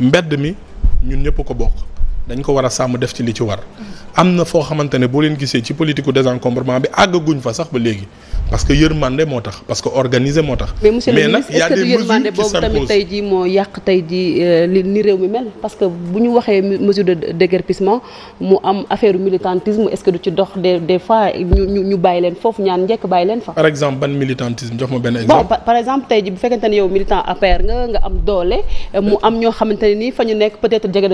mbedd mi ñun ñëpp ko bokk dañ ko war a sàmm def ci li ci war am na foo xamante ne boo leen gisee ci politique u désencombrement bi àggaguñ fa sax ba léegi parce que yërmande moo tax parce que organisé moo tax. mais monsieur le est-ce que du yërmande boobu tamit tey jii moo yàq tey jii euh, li ni réew mi mel parce que bu ñu waxee mesure de déguerpissement mu am affaire militantisme est-ce que du ci dox des des ñu ñu bàyyi leen foofu ñaan njëkk bàyyi leen fa. par exemple ban militantisme jox ma benn exemple. bon par exemple tey jii bu fekkente ne yow militant APR nga nga am doole mu am ñoo xamante ne nii fa ñu nekk peut-être jege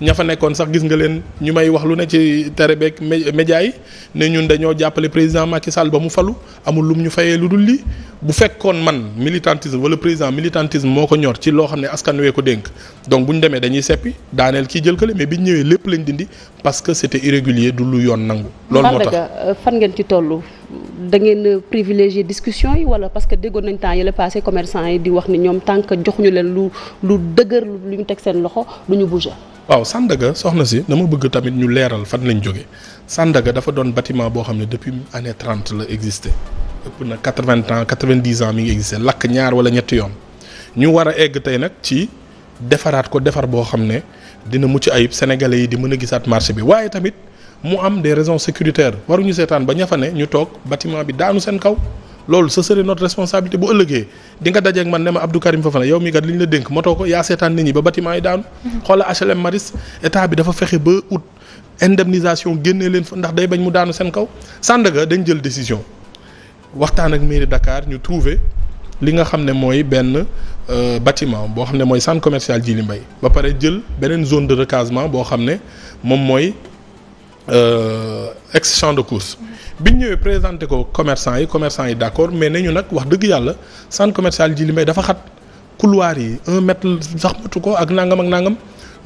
ña fa nekkoon sax gis nga leen ñu may wax lu ne ci tere beeg média yi ne ñun dañoo jàppale président Macky Sall ba mu falu amul lum ñu fayee lu dul li bu fekkoon man militantisme wala président militantisme moo ko ñor ci loo xam ne askan wee ko dénk donc bu ñu demee dañuy seppi daaneel kii jël kële mais bi ñu ñëwee lépp lañ dindi parce que c'était irrégulier du lu yoon nangu. loolu moo tax fan ngeen ci tollu da ngeen privilégier discussion yi wala parce que déggoon nañ temps yële passé commerçant yi di wax ni ñoom tant que joxuñu leen lu lu dëgër lu ñu teg seen loxo du ñu bouger. waaw Sandaga soxna si dama bëgg tamit ñu leeral fan lañ jóge Sandaga dafa doon batiment boo xam ne depuis année trente la existé ëpp na quatre vingt ans quatre vingt dix ans mi ngi existé lakk ñaar wala ñetti yoon ñu war a egg tey nag ci defaraat ko defar boo xam ne dina mucc ayib sénégalais yi di mën a gisaat marché bi waaye tamit mu am des raisons sécuritaires waruñu seetaan ba ña fa ñu toog batiment bi daanu seen kaw. loolu ce serait notre responsabilité bu ëllëgee di nga dajeeg man ne ma Abdou Karim Fofana yow mi kat li ñu la dénk motoo ko yaa seetaan nit ñi ba bâtiment yi daanu. Mhm. xoola HLM Maris état bi dafa fexe ba ut indemnisation génnee leen fa ndax day bañ mu daanu seen kaw. Sandaga dañ jël décision waxtaan ak mairie dakaar ñu trouver li nga xam ne mooy benn euh, batiment boo xam ne mooy centre commercial Djily mbay ba pare jël beneen zone de recasement boo xam ne moom mooy. Euh, ex champ de course biñ ñëwee présenté ko commercant yi commerçant yi d'accord mais nañu nag wax dëgg yàlla centre commercial ji li may dafa xat couloir yi un mètre sax matu ko ak nangam ak nangam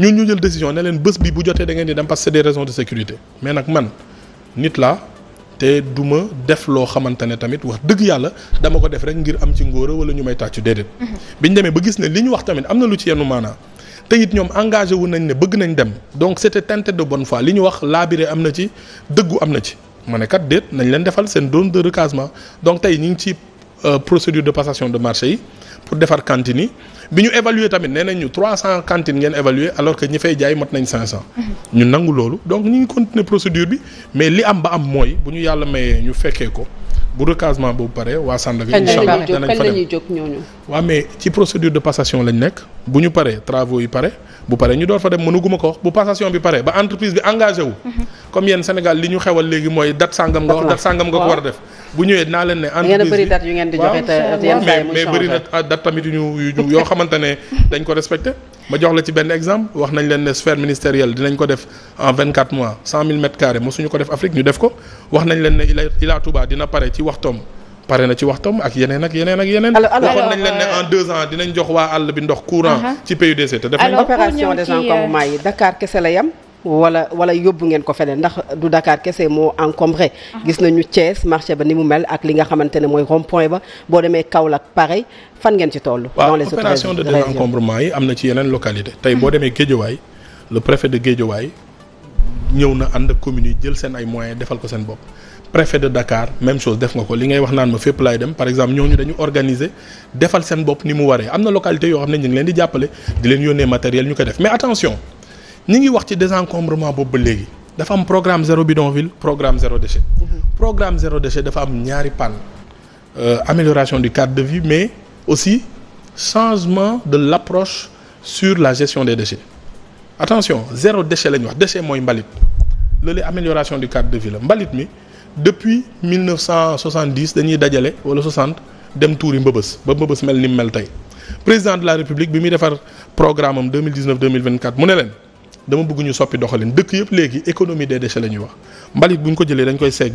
ñun ñu jël décision ne leen bés bi bu jotee dangeen di dem parce que c'est des de sécurité mais nag man nit la te du ma def loo xamante ne tamit wax dëgg yàlla dama ko def rek ngir am ci ngóora wala ñu may tàccu déedéet. Mhm. biñ demee ba gis ne li ñu wax tamit am na lu ci yenn maanaa te it ñoom engagé wu nañ ne bëgg nañ dem donc c'était teinté de bonne fois li ñu wax laabire am na ci dëggu am na ci ma ne kat déet nañ leen defal seen zone de recasement donc tey ñu ngi ci euh, procédure de passation de marché yi pour defar cantine yi bi ñu évaluer tamit nee nañ ñu 300 cantines ngeen évaluer alors que ñi fay jaay mat nañ 500. Mhm. ñu nangu loolu donc ñu ngi continuer procédure bi mais li am ba am mooy bu ñu yàlla mayee ñu fekkee ko bu recasement boobu pare waa Sandaga. incha allah danañ fa dem jóg lañ nekk bu ñu paree travaux yi pare bu paree ñu door fa dem mënuguma ko wax bu passation bi pare ba entreprise bi engagé wu. Mhm. comme yéen Sénégal li ñu xewal léegi mooy date sangam nga wax date sangam nga ko war a def. bu ñëwee naa leen ne. date tamit yu yoo xamante dañ ko respecté ma jox la ci benn exemple wax nañ leen ne sphère ministérielle dinañ ko def en vingt quatre mois cent mille mètres carrés mosuñu ko def Afrique ñu def ko wax nañ leen ne Ila Touba dina pare ci waxtoom pare na ci waxtam ak yeneen ak yeneen ak yeneen. waxoon nañ leen ne euh, en deux ans dinañ jox waa àll bi ndox courant. Uh-huh. ci PUDC te def nañ opération des euh, encombrements yi Dakar kese la wala wala yóbbu ngeen ko feneen ndax du Dakar kese moo encombré. gis ñu Thiès marché ba ni mu mel ak li nga xamante ne mooy rond ba boo demee Kaolack pareil fan ngeen ci toll. dans les autres régions opération de désencombrement yi am na ci yeneen localité tey boo demee Guédiawaye le préfet de Guédiawaye ñëw na ànd ak communes yi jël seen ay moyens defal ko seen bopp. préfet de Dakar même chose def nga ko li ngay wax naan ma fépp laay dem par exemple ñooñu dañu organiser defal seen bopp ni mu waree am na localité yoo xam ne ñu ngi ñu koy def mais attention. ñu ngi wax ci désencombrement boobu ba léegi dafa am programme zéro bidonville programme zéro déchet. Mhm. programme zéro déchet dafa am ñaari pànn euh, amélioration du cadre de vie mais aussi changement de l'approche sur la gestion de déchets attention zéro déchet la ñu wax déchet mooy mbalit loolu amélioration du cadre de vie la mbalit mi depuis 1970 dañuy dajale wala 60 dem tuuri mbëbës ba mbëbës mel ni mu mel tey président de la république bi muy defar programme am 2019 2024 mu ne leen. dama bëgg ñu soppi doxalin dëkk yëpp léegi économie des déchets la ñuy wax mbalit bu ñu ko jëlee dañ koy segg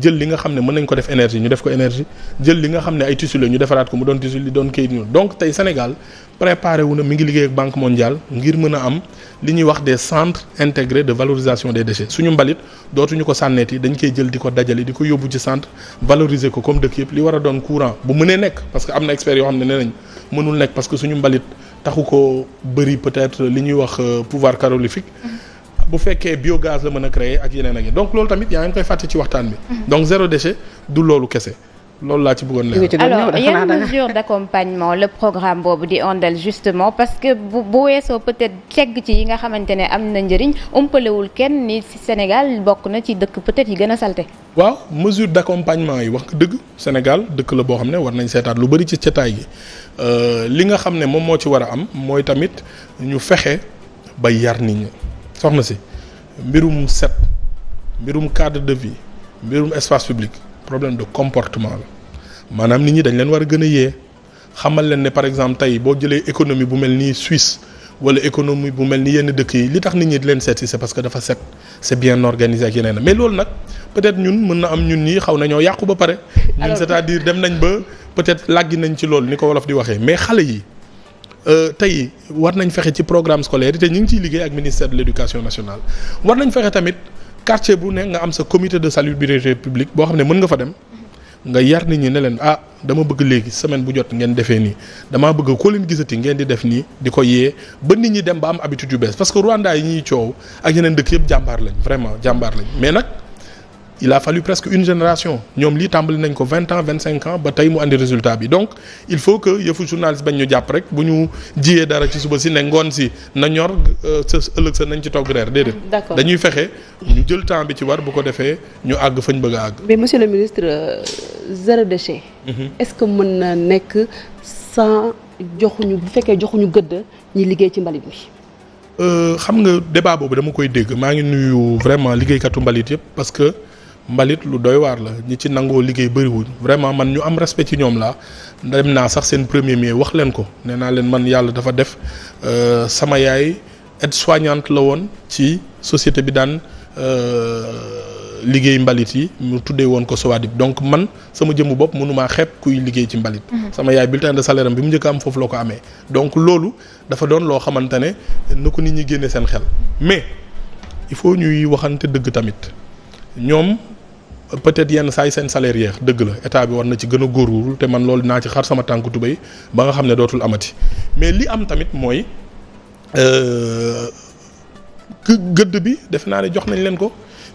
jël li nga xam ne mën nañ ko def énergie ñu def ko énergie jël li nga xam ne ay tissu ñu defaraat ko mu doon tissu li doon kayit donc tey Sénégal préparé wu na mi ngi liggéey ak banque mondiale ngir mën a am li ñuy wax des centres intégrés de valorisation des déchets suñu mbalit dootuñu ko sànneeti dañ koy jël di ko dajale di ko yóbbu ci centre valoriser ko comme dëkk li war a doon courant bu mënee nekk parce que am na experts yoo xam ne que suñu mbalit taxu ko bëri peut-être li ñuy wax euh, pouvoir carolifique mm-hmm. bu fekkee biogaz la mën a créer ak yeneen ak yeneen donc loolu tamit yaa ngi koy fàtte ci waxtaan bi mm-hmm. donc zéro déchet du loolu kese loolu laa ci bëggoon leer. alors yan mesure d'accompagnement le programme boobu di ondal justement parce que bu weesoo peut-être cegg ci yi nga xamante ne am na njëriñ umpalewul kenn ni ci Sénégal bokk na ci dëkk peut-être yi gën a salte waaw mesure d'accompagnement yi wax nga dëgg Sénégal dëkk la boo xam ne war nañ seetaat lu bari ci cetaay gi euh, li nga xam ne moom moo ci war a am mooy tamit ñu fexe ba yar nit ñi soxna si mbirum set mbirum cadre de vie mbirum espace public problème de maanaam nit ñi dañ leen war a gën a yee xamal leen ne par exemple tey boo jëlee économie bu mel nii Suisse wala économie bu mel ni yenn dëkk yi li tax nit ñi di leen seet si c'est parce que dafa set c'est bien organisé ak yeneen mais loolu nag peut-être ñun mën na am ñun ñii xaw nañoo yàqu ba pare. ñun c'est-à-dire dem nañ ba peut-être làggi nañ ci loolu ni ko wolof di waxee mais xale yi. Euh, tey war nañ fexe ci programme scolaire te ñu ngi ciy liggéey ak ministère de l'éducation nationale war nañ tamit quartier bu ne nga am sa comité de salubrité publique boo xam ne mën nga fa dem. nga yar nit ñi ne leen ah dama bëgg léegi semaine bu jot ngeen defee nii damaa bëgg koo leen gisati ngeen di def nii di ko yee ba nit ñi dem ba am habitude yu bees parce que Rwanda yi ñuy coow ak yeneen dëkk yëpp jàmbaar lañ vraiment jàmbaar lañ mais nag il a fallu presque une génération ñoom lii tàmbali nañ ko vingt ans vingt cinq ans ba tey mu andi résultat bi donc il faut que yëfu journaliste bañ ñu jàpp rek bu ñu jiyee dara ci suba si ne ngoon si na ñor euh, sa ëllëg sa nañ ci togg reer déedéet. dañuy fexe ñu jël temps bi ci war bu ko defee ñu àgg fañ bëgg a àgg. mais monsieur le ministre euh, zéro déchet. Mhm. est-ce que mën na nekk sans joxuñu bu fekkee joxuñu gëdd ñi liggéey ci mbalit mi. Euh, xam nga débat boobu dama koy dégg maa ngi nuyu vraiment liggéeykatu yëpp parce que. mbalit lu doy waar la ñi ci nangoo liggéey bariwuñ vraiment man ñu am respect ci ñoom laa dem naa sax seen premier mi wax leen ko nee naa leen man yàlla dafa def euh, sama yaay aide-soignante la woon ci société bi daan euh, liggéey mbalit yi mu tuddee woon ko Sowadib donc man sama jëmmu bopp mënumaa xeeb kuy liggéey ci mbalit. Mhm. sama yaay bulletin de salaire am bi mu njëkk am foofu la ko amee. donc loolu dafa doon loo xamante ne na ko nit ñi génne seen xel mais il faut ñuy waxante dëgg tamit ñoom. peut-être yenn saa seen salaire dëgg la état bi war na ci gën a góorgóorlu te man loolu naa ci xar sama tànk tubéy ba nga xam ne dootul amati mais li am tamit mooy euh, gëdd bi def naa ne jox nañ leen ko.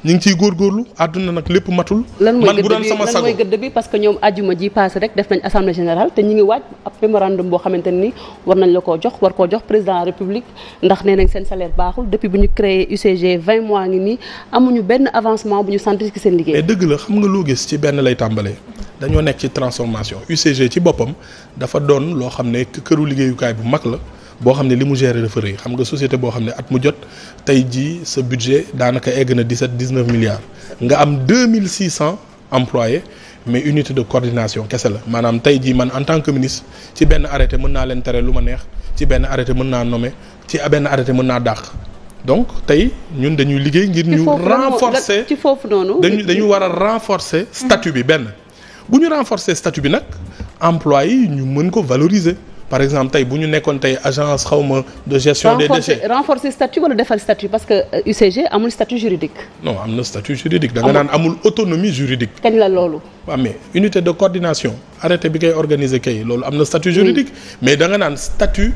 ñu ngi ciy góorlu àdduna nag lépp matul. man doon sama sago lan mooy gëdd bi parce que ñoom ajuma ji paase rek def nañ assemblée générale te ñu ngi waaj ab mémorandum boo xamante ni war nañ la koo jox war koo jox président de la république ndax nee nañ seen salaire baaxul depuis bu ñu créé UCG 20 mois ngi nii amuñu benn avancement bu ñu sant ki seen liggéey. mais dëgg la xam nga loo gis ci benn lay tàmbalee dañoo nekk ci transformation UCG ci boppam dafa doon loo xam ne këru liggéeyukaay bu mag la boo xam ne li mu gérer dafa rëy xam nga société boo xam ne at mu jot tey jii sa budget daanaka egg na 17 19 milliards nga am 2600 employés mais unité de coordination kese la maanaam tey jii man en tant que ministre ci benn arrêté mën naa leen tere lu ma neex ci benn arrêté mën naa nommer ci benn arrêté mën naa dàq donc tey ñun dañuy liggéey ngir ñu renforcer ci foofu noonu dañu dañu war a renforcer mm-hmm. statut bi benn bu ñu renforcer statut bi nag emploi yi ñu mën ko valoriser par exemple tey bu ñu nekkoon tey agence xawma de gestion des déchets renforcer statut wala defal statut parce que UCG euh, amul statut juridique non am na statut juridique da nga naan amul autonomie juridique kañ la loolu waaw mais unité de coordination arrêté bi koy organiser kay loolu am na statut juridique mais da nga naan statut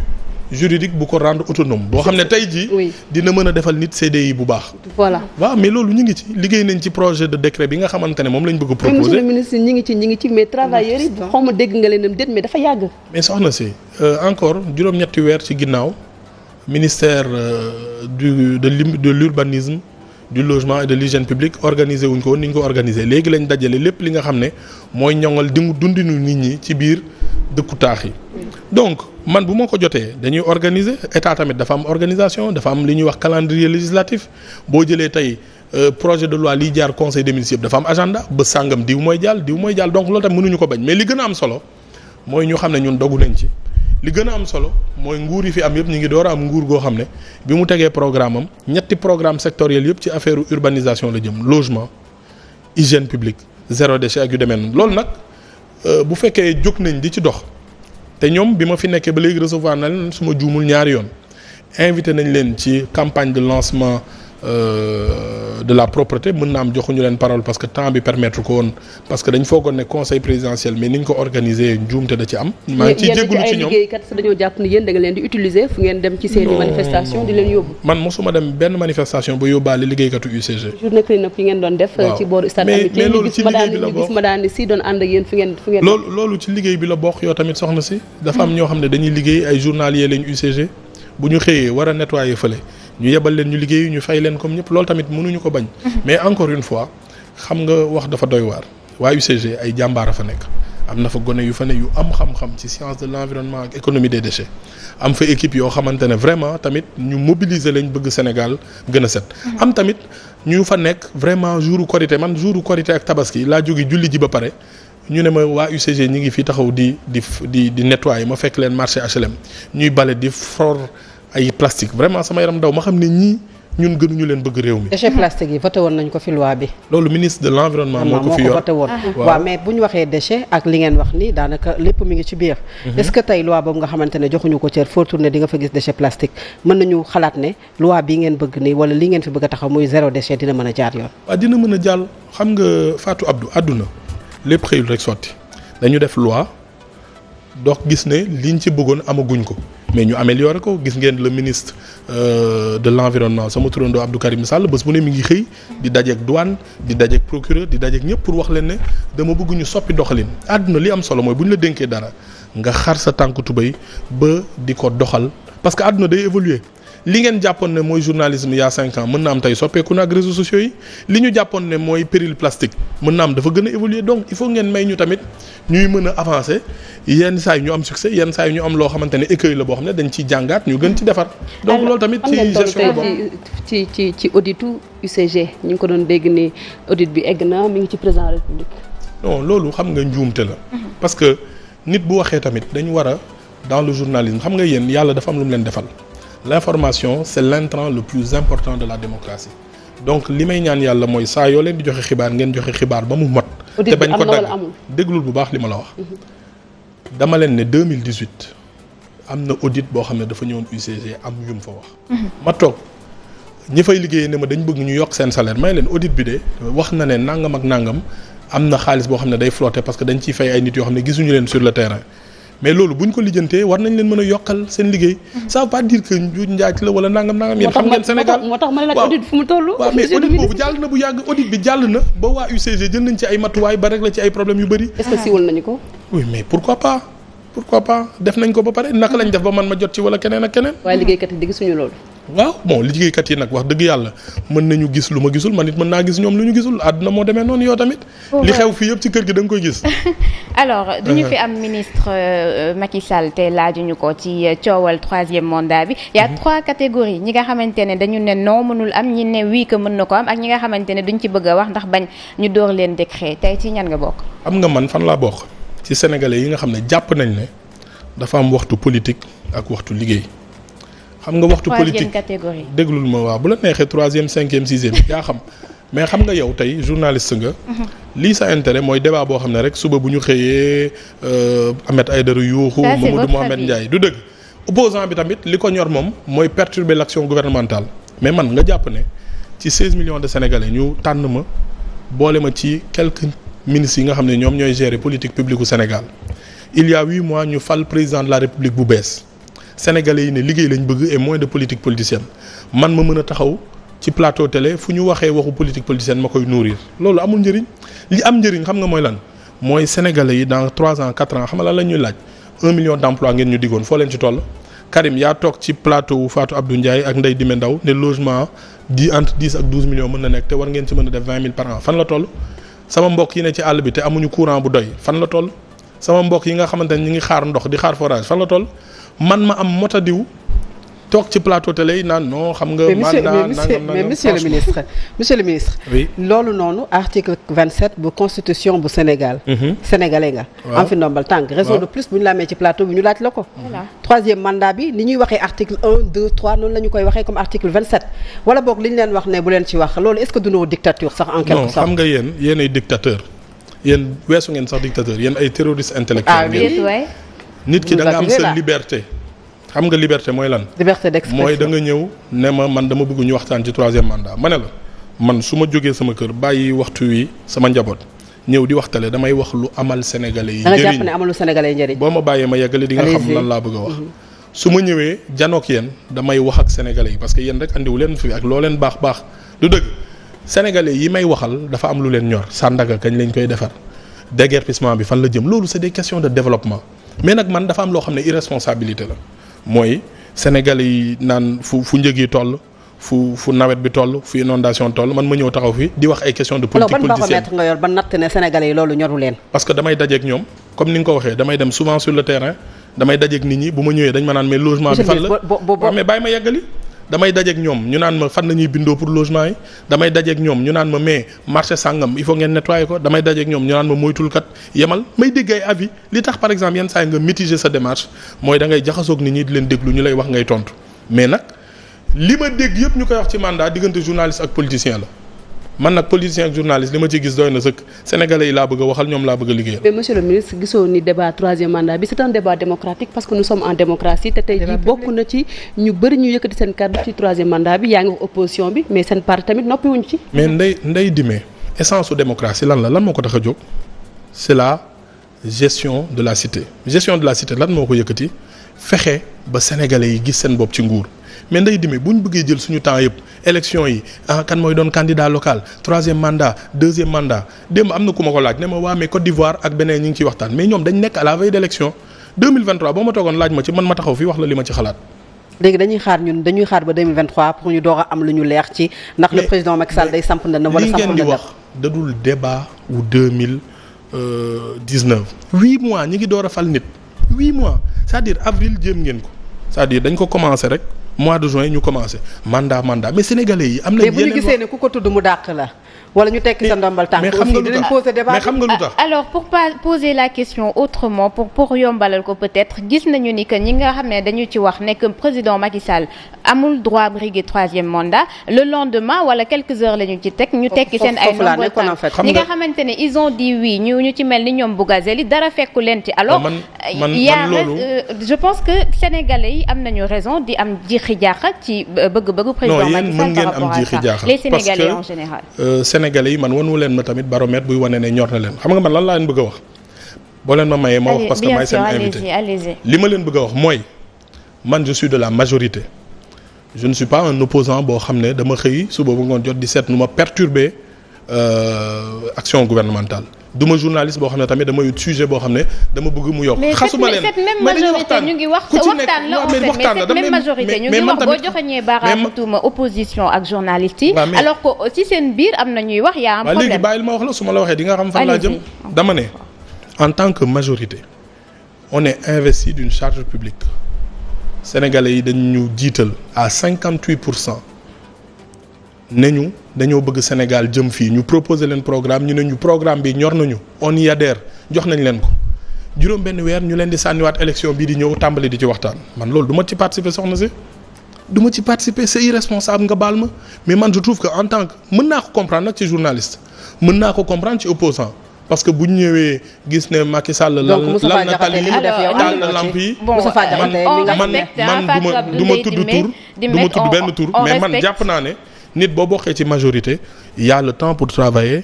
juridique bu ko rendre autonome boo xam ne tey jii dina mën a defal nit CDI bu baax voilà waaw mais loolu ñu ngi ci liggéey nañ ci projet de décret bi nga xamante ne moom lañ bëgg a proposé monsieur le ministre ñi ngi ci ñu ngi ci mais travailleurs yi xaw ma dégg nga leen am déet mais dafa yàgg mais soxna si euh, encore juróom weer ci ginnaaw ministère euh, du de de l'urbanisme du logement de l'hygiène publique organisé wuñ ko woon ko organisé léegi lañ dajale lépp li nga xam ne mooy ñoŋal di mu dundinu nit ñi ci biir dëkku taax yi donc man bu ma ko jotee dañuy organiser état tamit dafa am organisation dafa am li ñuy wax calendrier législatif boo jëlee tey euh, projet de loi liy jaar conseil des ministres yëpp dafa am agenda ba sàngam diw mooy jàll diw mooy jàll donc loolu tamit mënuñu ko bañ mais li gën a am solo mooy ñu xam ne ñun dogu nañ ci. li gën a am solo mooy nguur yi fi am yëpp ñu ngi door am nguur goo xam ne bi mu tegee programme am ñetti programme sectoriel yëpp ci affaire urbanisation la jëm logement hygiène publique zéro déchet ak yu demee loolu nag euh, bu fekkee jóg nañ di ci dox. te ñoom bi ma fi nekkee ba léegi recevoir na leen su ma juumul ñaari yoon invité nañ leen ci campagne de lancement Euh, de la propreté mën na am joxuñu leen parole parce que temps bi permettre ko woon parce que dañ foogoon ne conseil présidentiel mais niñ benn manifestation ba yóbbaale liggéeykatu UCG. journée clean up yi ngeen doon def. ci booru stade Amitié ñu gis ma loolu ci liggéey bi la bokk yoo tamit soxna si. dafa am ñoo xam ne dañuy liggéey ay journalier lañ UCG bu ñu xëyee war a nettoyer fële ñu yebal leen ñu liggéey ñu fay leen comme ñëpp loolu tamit mënuñu ko bañ. Mhm. mais encore une fois xam nga wax dafa doy waar waa UCG ay jàmbaar a fa nekk. am na fa gone yu fa ne yu am xam-xam ci science de l'environnement ak économie des déchets am fa équipe yoo xamante ne vraiment tamit ñu mobiliser lañ bëgg Sénégal gën a set. Mhm. am tamit ñu fa nekk vraiment jouru korité man jouru korité ak tabaski laa jóge julli ji ba pare ñu ne ma waa UCG ñi ngi fi taxaw di di di di nettoyer ma fekk leen marché HLM ñuy bale di for. ay plastique vraiment sama yaram daw ma xam ne ñii ñun gënuñu leen bëgg réew mi. déchets plastiques yi voté woon nañ ko fi loi bi. loolu ministre de l' environnement moo ko fi yor ah. waaw mais bu waxee déchet ak li ngeen wax ni daanaka lépp mu ngi ci biir. Mhm. est ce tey loi boobu nga xamante ne joxuñu ko cër foo tourné di nga fa gis déchet plastique mën nañu xalaat ne loi bii ngeen bëgg nii wala li ngeen fi bëgg a taxaw muy zéro déchet dina mën a jaar yoon. waaw a jàll xam nga Fatou Abdou àdduna lépp xëyul rek sotti dañu def loi dox gis ne li ñu ci bëggoon amaguñ ko mais ñu amélioré ko gis ngeen la ministre euh, de l' environnement sama turandoo Abdou Karim Sall bés bu ne mu ngi xëy di dajeeg douane di dajeeg procureur di dajeeg ñëpp pour wax leen ne dama bëgguñu soppi doxalin àdduna li am solo mooy bu ñu la dénkee dara nga xar sa tànk tubéy ba di ko doxal parce que àdduna day évoluer li ngeen jàppoon ne mooy journalisme yaa cinq ans mën na am tey soppeeku na ak réseaux sociaux yi li ñu jàppoon ne mooy péril plastique mën na am dafa gën a évoluer donc il faut ngeen may ñu tamit ñuy mën a avancer yenn saa yi ñu am succès yenn saa yi ñu am loo xamante ne écueil la boo xam ne dañ ciy jàngaat ñu gën ci defar donc loolu tamit ci gestion la ci ci ci auditu UCG ñu ngi ko doon dégg ni audit bi egg na mi ngi ci président loolu xam nga njuumte la mhm. parce que nit bu waxee tamit dañu war a dans le journalisme xam nga yéen yàlla dafa am lu leen defal l'information c'est l'intrant le plus important de la démocratie donc li may ñaan yàlla mooy saa yoo leen di joxe xibaar ngeen joxe xibaar ba mu mot te bañ ko dagg déglul bu baax li ma la wax mhm. dama leen ne mille 2018 am na audit boo xam ne dafa ñëwoon UCG am yum fa wax mhm. ma toog ñi fay ne ma dañ bëgg ñu yokk seen salaire may leen audit bi de wax na ne nangam ak nangam am na xaalis boo xam ne day flotter parce que dañ ciy fay ay mais loolu bu ñu ko lijjantee war nañ leen mën a yokkal seen liggéey mhm. ça veut pas dire que njuuj njaaj la wala nangam nangam yéen xam ngeen Sénégal moo tax ma ne la audit fu mu toll waaw mais boobu jàll na bu yàgg audit bi jàll na ba waa UCG jël nañ ci ay matuwaay ba rek la ci ay problèmes yu bëri est-ce que siiwal nañu ko oui mais pourquoi pas pourquoi pas def nañ ko ba pare naka lañ def ba man ma jot ci wala keneen ak keneen waaye liggéeykat yi dégg suñu loolu waaw bon liggéeykat yi nag wax dëgg yàlla mën nañu gis lu ma gisul man it mën naa gis ñoom lu ñu gisul àdduna moo demee noonu yoo tamit. li xew fii yëpp ci kër gi da nga koy gis. *laughs* alors duñu uh-huh. fi am ministre euh, Macky Sall te laajuñu ko ci euh, coowal troisième mandat bi. y' a uh-huh. trois catégories ñi nga xamante ne dañu ne non mënul am ñi ne oui que mën na ko am ak ñi nga xamante ne duñ ci bëgg a wax ndax bañ ñu door leen décret tey ci ñan nga bokk. am nga man fan la bokk ci sénégalais yi nga xam ne jàpp nañ ne dafa am waxtu politique ak waxtu liggéey. xam nga waxtu politique catégorie déglul ma waaw bu la neexee troisième cinquième sixième yaa xam mais xam nga yow tey journaliste nga. Mhm. lii sa intérêt mooy débat boo xam ne rek suba bu ñu xëyee euh, Ahmed Aïdara yuuxu Mamadou Mohamed Ndiaye du dëgg. opposant bi tamit li ko ñor moom mooy perturber l'action gouvernementale mais man nga jàpp ne ci 16 million de sénégalais ñu tànn ma boole ma ci quelque ministres yi nga xam ne ñoom ñooy gérer politique publique Sénégal il y mois ñu fal président la république bu bees. sénégalais yi ne liggéey lañ bëgg et moins de politique politicienne man ma mën a taxaw ci plateau télé fu ñu waxee waxu politique politicienne ma koy nourrir loolu amul njëriñ li am njëriñ xam nga mooy lan mooy sénégalais yi dans trois ans quatre ans xam nga lan la ñuy laaj un million d'emplois ngeen ñu diggoon foo leen ci toll. Karim yaa toog ci plateau wu Fatou Abdou Ndiaye ak Ndeye Dime Ndaw ne logement di entre dix ak douze millions mën na nekk te war ngeen ci mën a def vingt mille par an fan la toll. sama mbokk ne ci àll bi amuñu courant bu doy fan la toll sama mbokk yi nga xamante ne ñu ngi xaar ndox di xaar forage fan la toll. man ma am mota diw toog ci plateau télé yi naan non xam nga. mandat mais monsieur le ministre monsieur le ministre. loolu noonu article 27 bu constitution bu Sénégal. Mhm. sénégalais nga. am fi ndombal tànk. raison de plus bu ñu laaj la ko. troisième mandat bi ni ñuy waxee article 1 2 3 noonu la koy waxee comme article 27. wala boog li ñu leen wax ne bu leen ci wax loolu est-ce que dunoo dictature sax en quelque sorte. non xam nga yéen yéen nit ki da nga am sa liberté xam nga liberté mooy lan. liberté d'expression mooy da nga ñëw ne ma man dama bëgg ñu waxtaan ci troisième mandat ma ne la man su ma jógee sama kër bàyyi waxtu wi sama njaboot ñëw di waxtale damay wax lu amal sénégalais yi. njëriñ da yi njëriñ. boo ma bàyyee ma yeggalee di nga xam lan laa bëgg a wax. Mhm. su ma ñëwee janook yéen damay wax ak sénégalais yi parce que yéen rek indiwu leen fii ak looleen leen baax baax du dëgg sénégalais yi may waxal dafa am lu leen ñor Sandaga kañ lañ koy defar déguerpissement bi fan la jëm loolu c'est des questions de mais nag man dafa am loo xam ne irresponsabilité la mooy sénégalais yi naan fu fu njëg yi toll fu fu nawet bi toll fu inondation toll man ma ñëw taxaw fi di wax ay question de politique politicienne nga yor ba natt ne sénégalais yi loolu ñoru leen. parce que damay dajeeg ñoom comme ni nga ko waxee damay dem souvent sur le terrain damay dajeeg nit ñi bu ma ñëwee dañ ma naan mais logement bi fan la mais bàyyi ma yeggali damay dajeeg ñoom ñu naan ma fan la ñuy bindoo pour logement yi damay dajeeg ñoom ñu naan ma mais marché sàngam il faut ngeen nettoyer ko damay dajeeg ñoom ñu naan ma moytul kat yemal may dégg ay avis li tax par exemple yenn saa yi nga mitiger sa démarche mooy da ngay jaxasoog nit ñi di leen déglu ñu lay wax ngay tontu mais nag li ma dégg yëpp ñu koy wax ci mandat diggante journaliste ak politicien la. man nag politicien ak journaliste li ma ci gis doy na sëkk sénégalais yi laa bëgg a waxal ñoom laa bëgg a liggéeyal. mais monsieur le ministre gisoon ni débat troisième mandat bi c'est un débat démocratique parce que nous sommes en démocratie te tey jii bokk na ci ñu bëri ñu yëkkati seen kàddu ci troisième mandat bi yaa ngi opposition bi mais seen parti tamit noppiwuñ ci. mais nday nday dimee essence su démocratie lan la lan moo ko tax a jóg c'est la gestion de la cité gestion de la cité lan moo ko yëkkati fexe ba sénégalais yi gis seen bopp ci nguur. mais nday dime bu ñu bëggee jël suñu temps yëpp élection yi ah kan mooy doon candidat local troisième mandat deuxième mandat démb am na ku ma ko laaj ne ma waa mais Côte d'Ivoire ak beneen ñi ngi ciy waxtaan mais ñoom dañ nekk à la veille d' élection 2023 boo ma toogoon laaj ma ci xaar ñun dañuy ñu a am lu ñu leer ci. ndax le président di wax dadul mois ñi ngi door a fal nit. 8 mois c'est-à-dire avril jéem ngeen ko cest à dañ ko commencé rek. mois de juin ñu commencé mandat mandat mais sénégalais yi. am na yeneen mais gisee ne ku ko tudd mu dàq la. wala ñu tekki sa ndombal tànk. mais xam nga lu tax xam nga lu ah, tax alors pour poser la question autrement pour pour yombalal ko peut-être gis nañu ni que ñi nga xam ne dañu ci wax nekk président Macky Sall amul droit briguer troisième mandat le lendemain wala quelques heures la ñu ci teg. ñu tekki seen ay ndombal tànk ñi nga xamante ne ils ont dit oui ñu ñu ci mel ni ñoom Bougazelli dara fekku leen ci. alors ah, euh, y a euh, je pense que sénégalais yi am nañu raison di am jiixi jaaxa ci euh, bëgg-bëggu président Macky Sall par général sénégalais yi man wanu leen ma tamit baromètre buy wane ne ñor na leen xam nga man lan laa leen bëgg a wax boo leen ma mayee ma wax parce que maay seen invité li ma leen bëgg a wax mooy man je de la majorité je ne suis pas un opposant boo xam ne dama xëy suba ba ngoon jot di seet nu ma perturber euh, action gouvernementale du ma journaliste boo xam ne tamit dama yut sujet boo xam ne dama bëgg mu yokk. xasuma leen mais dañuy waxtaan mais cette même majorité ñu ngi wax boo joxeñee baaraamu tuuma opposition ak journaliste yi. alors que ci seen biir am na ñuy wax yaa am problème léegi bàyyil ma wax la su ma la waxee di nga xam fan laa jëm. dama ne en tant que majorité on est investi d'une charge publique sénégalais yi dañu ñu jiital à 58 pour cent. ne ñu dañoo bëgg Sénégal jëm fii ñu proposé leen programme ñu ne ñu programme bi ñor nañu on y jox nañ leen ko juróom benn weer ñu leen di sànniwaat élection bii di ñëw tàmbali di ci waxtaan man loolu duma ma ci participer soxna si duma ma ci participer c'est irresponsable nga baal ma mais man je trouve que en tant que mën naa ko comprendre nag ci journaliste mën naa ko comprendre ci opposant parce que bu ñu ñëwee gis ne Macky Sall. lal na tali yi taal na lamp yi. man man man du ma du ma tudd tur du ma tudd benn tur mais man jàpp naa ne. nit boo bokkee ci majorité y a temps pour travailler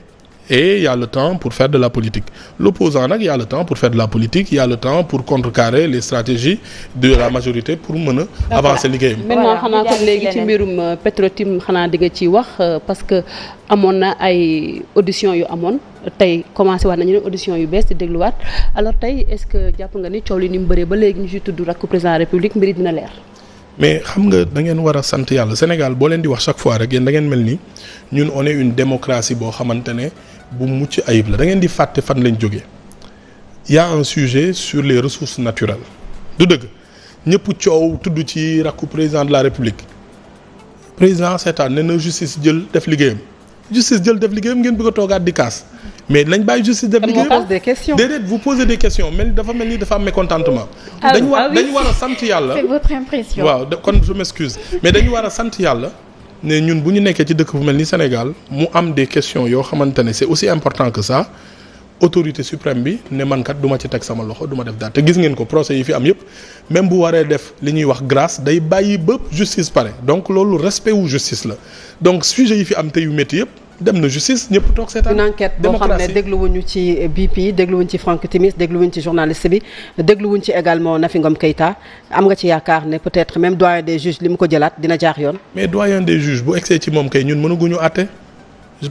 et y a temps pour faire de la politique l'opposant nag y a le temps pour faire de la politique y a le temps pour contrecarrer les stratégies de la majorité mën a avancer liggéeyam. maintenant xanaa kon léegi ci mbirum euh, Petro-Tim xanaa di nga ci wax euh, parce que amoon na ay audition yu amoon tey commencé waat nañu ne audition yu bees di dégluwaat alors tey est-ce que jàpp nga ni coow li ni mu bëree ba léegi ñu ci tudd rakku président république mbiri dina leer. mais xam nga da ngeen war a sant yàlla Sénégal boo leen di wax chaque fois rek yéen da mel ni ñun one est une démocratie boo xamante ne bu mucc ayib la dangeen di fàtte fan lañ jógee y a un sujet sur les ressources naturelles du dëgg ñëpp coow tudd ci rakku président de la république président seetaan ne na justice jël def liggéeyam justice jël def liggéeyam ngeen bëgg a toogaat di kaas mais nañ bàyyi justice def liggéeyam déedéet vous posez des questions mel dafa mel ni dafa am mécontentement ah dañu war ah dañu war a sant yàlla waaw votre kon je m'excuse mais dañu war a sant yàlla ne ñun bu ñu nekkee ci dëkk bu mel ni Sénégal mu am de question yoo xamante ne c'est aussi important que ça autorité suprême bi ne mankat duma ci teg sama loxo duma def dara te gis ngeen ko procès yi fi am yëpp même bu waree def li ñuy wax grâce day bàyyi bëpp justice pare donc loolu respect wu justice la donc sujet yi fi am te yu métti yëpp. dem na justice ñëpp toog seetaan. une enquête boo xam ne dégluwuñu ci BP dégluwuñ ci Franck Timis dégluwuñ ci journaliste bi dégluwuñ ci également Nafi Ngom Keïta am nga ci yaakaar ne peut-être même doyen des juges li mu ko jëlaat dina jaar yoon. mais doyen des juges bu egsee ci moom kay ñun mënaguñu àtte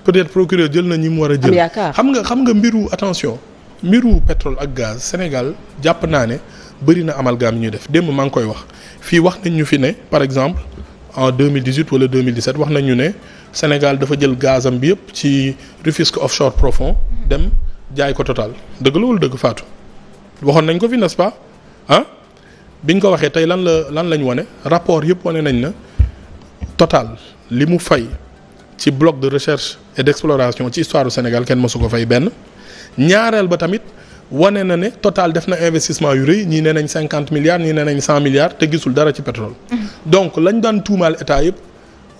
peut-être procureur jël na ñi mu war a jël. yaakaar xam nga xam nga mbiru attention. mbiru pétrole ak gaz Sénégal jàpp naa ne bëri na amalgame yi ñuy def démb maa ngi koy wax fii wax nañ ñu fi ne par exemple en 2018 wala 2017 wax nañ ne. Sénégal dafa jël gazam bi yëpp ci Rufisque offshore profond dem jaay ko total dëgg la dëgg faatu waxoon nañ ko fi n'est-ce pas ah biñ ko waxee tey lan la lan lañ wane rapport yëpp wane nañ na total li mu fay ci bloc de recherche et d'exploration ci histoire du Sénégal kenn mësu ko fay benn ñaareel ba tamit wane na ne total def na investissement yu rëy ñii nee nañ cinquante milliards ñii ne nañ cent milliards te gisul dara ci pétrole. Mm-hmm. donc lañ daan tuumaal état yëpp.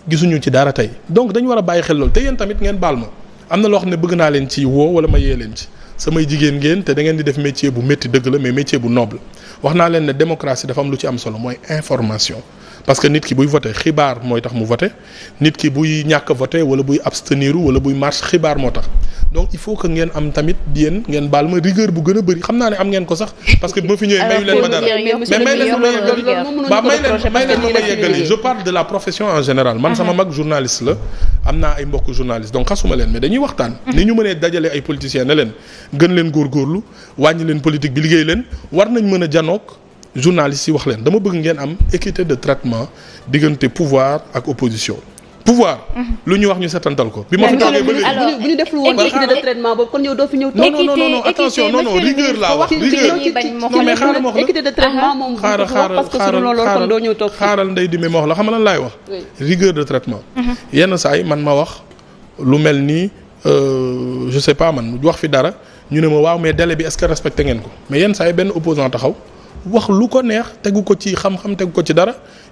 gisuñu ci dara tey donc dañu war a bàyyi xel loolu te yéen tamit ngeen baal ma am na loo xam ne bëgg naa leen ci woo wala ma yee leen ci samay jigéen ngeen te da ngeen di def métier bu métti dëgg la mais métier bu noble wax naa leen ne démocratie dafa am lu ci am solo mooy information parce que nit ki buy voté xibaar mooy tax mu voté nit ki buy ñàkk voté wala buy abstenir wala buy marche xibaar moo tax donc il faut que ngeen am tamit yéen ngeen baal ma rigueur bu gën a bëri xam naa ne am ngeen ko sax parce que bi ma fi ñëwee mayu leen ma dara may leen ma ma yeggali je parle de la profession en général man sama mag journaliste la am naa ay mbokk journaliste donc xasuma leen mais dañuy waxtaan ni ñu mënee dajale ay politiciens ne leen gën leen góorgóorlu wàññi leen politique bi liggéey leen war nañ mën a janook journalistes yi wax leen dama bëgg ngeen am équité de traitement diggante pouvoir ak opposition. pouvoir. Mhm. lu ñu wax ñu setantal ko. bi ma fi toogee ba léegi de traitement boobu kon yow doo fi ñëw. non non non attention non non rigueur laa wax. xaaral ma wax de traitement moom bu wax parce que suñu loolu kon doo ñëw ma wax la xam lan wax. rigueur de traitement. Mhm. yenn saa man ma wax lu mel ni euh, je sais pas man wax fi dara ñu ne ma waaw mais délai bi est-ce ngeen ko mais yenn saa benn opposant taxaw wax lu ko neex tegu ko ci xam-xam tegu ko ci dara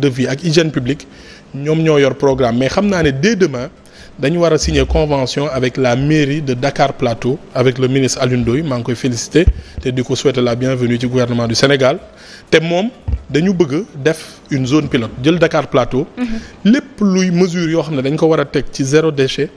cadre de ak hygiène publique ñoom ñoo yor programme mais xam naa ne dès demain dañu war a signer convention avec la mairie de Dakar Plateau avec le ministre Alioune maa ngi koy féliciter te di ko souhaiter la bienvenue ci gouvernement du Sénégal te moom dañu bëgg def une zone pilote jël Dakar Plateau. Mhm. lépp luy mesure yoo xam ne dañ ko war a teg ci zéro déchet.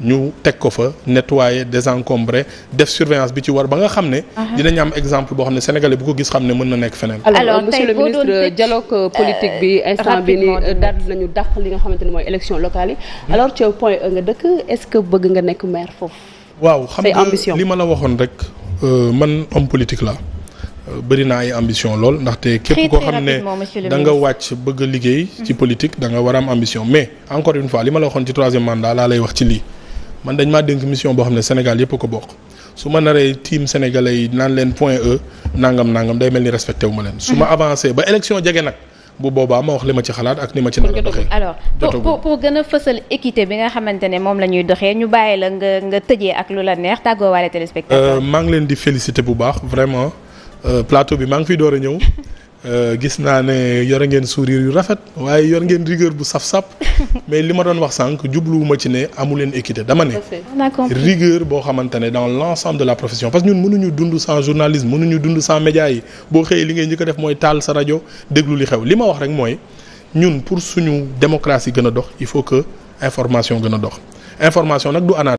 ñu teg ko fa nettoyer désencombrer def surveillance bi ci war ba nga xam ne. dinañ am exemple boo xam ne sénégalais bu ko gis xam ne mën na nekk feneen. alors monsieur le ministre dialogue euh, politique bi euh, instant bi ni euh, daal nañu dàq li nga xamante ne mooy élection locale yi. Mhm. alors ci point e nga dëkk est-ce que bëgg nga nekk maire foofu. waaw xam nga li ma la waxoon rek man homme politique la bëri naa ay ambition lool ndaxte képp koo xam ne da nga wàcc bëgg liggéey ci mhm. politique da nga war am ambition mais encore une fois li ma la waxoon lay wax ci lii man dañ maa dénk mission boo xam ne Sénégal yëpp ko bokk su ma naree team sénégal yi naan leen point E nangam nangam day mel ni respecté wu ma leen. su ma mhm. avancé ba élection jege nag. bu boobaa ma wax li ma ci xalaat ak ni ma ci nar a doxee alors pour pour gën a fësal équité bi nga xamante ne moom la ñuy doxee ñu bàyyi la nga nga tëjee ak lu la neex tàggoo waale téléspectateur. Euh, maa ngi leen di féliciter bu baax vraiment euh, plateau bi maa ngi fiy door a ñëw. *laughs* Euh, gis naa ne yore ngeen sourire yu rafet waaye yor ngeen rigueur bu saf-sap *laughs* mais li ma doon wax sànq jubluwuma ci ne amu leen équité dama ne rigueur boo xamante ne dans l'ensemble de la profession parce que ñun mënuñu dund sans journalisme mënuñu dund sans média yi boo xëyee li ngay njëkk a def mooy taal sa rajo déglu li xew li ma wax rek mooy ñun pour suñu démocratie gën a dox il faut que information gën a dox information nag du ana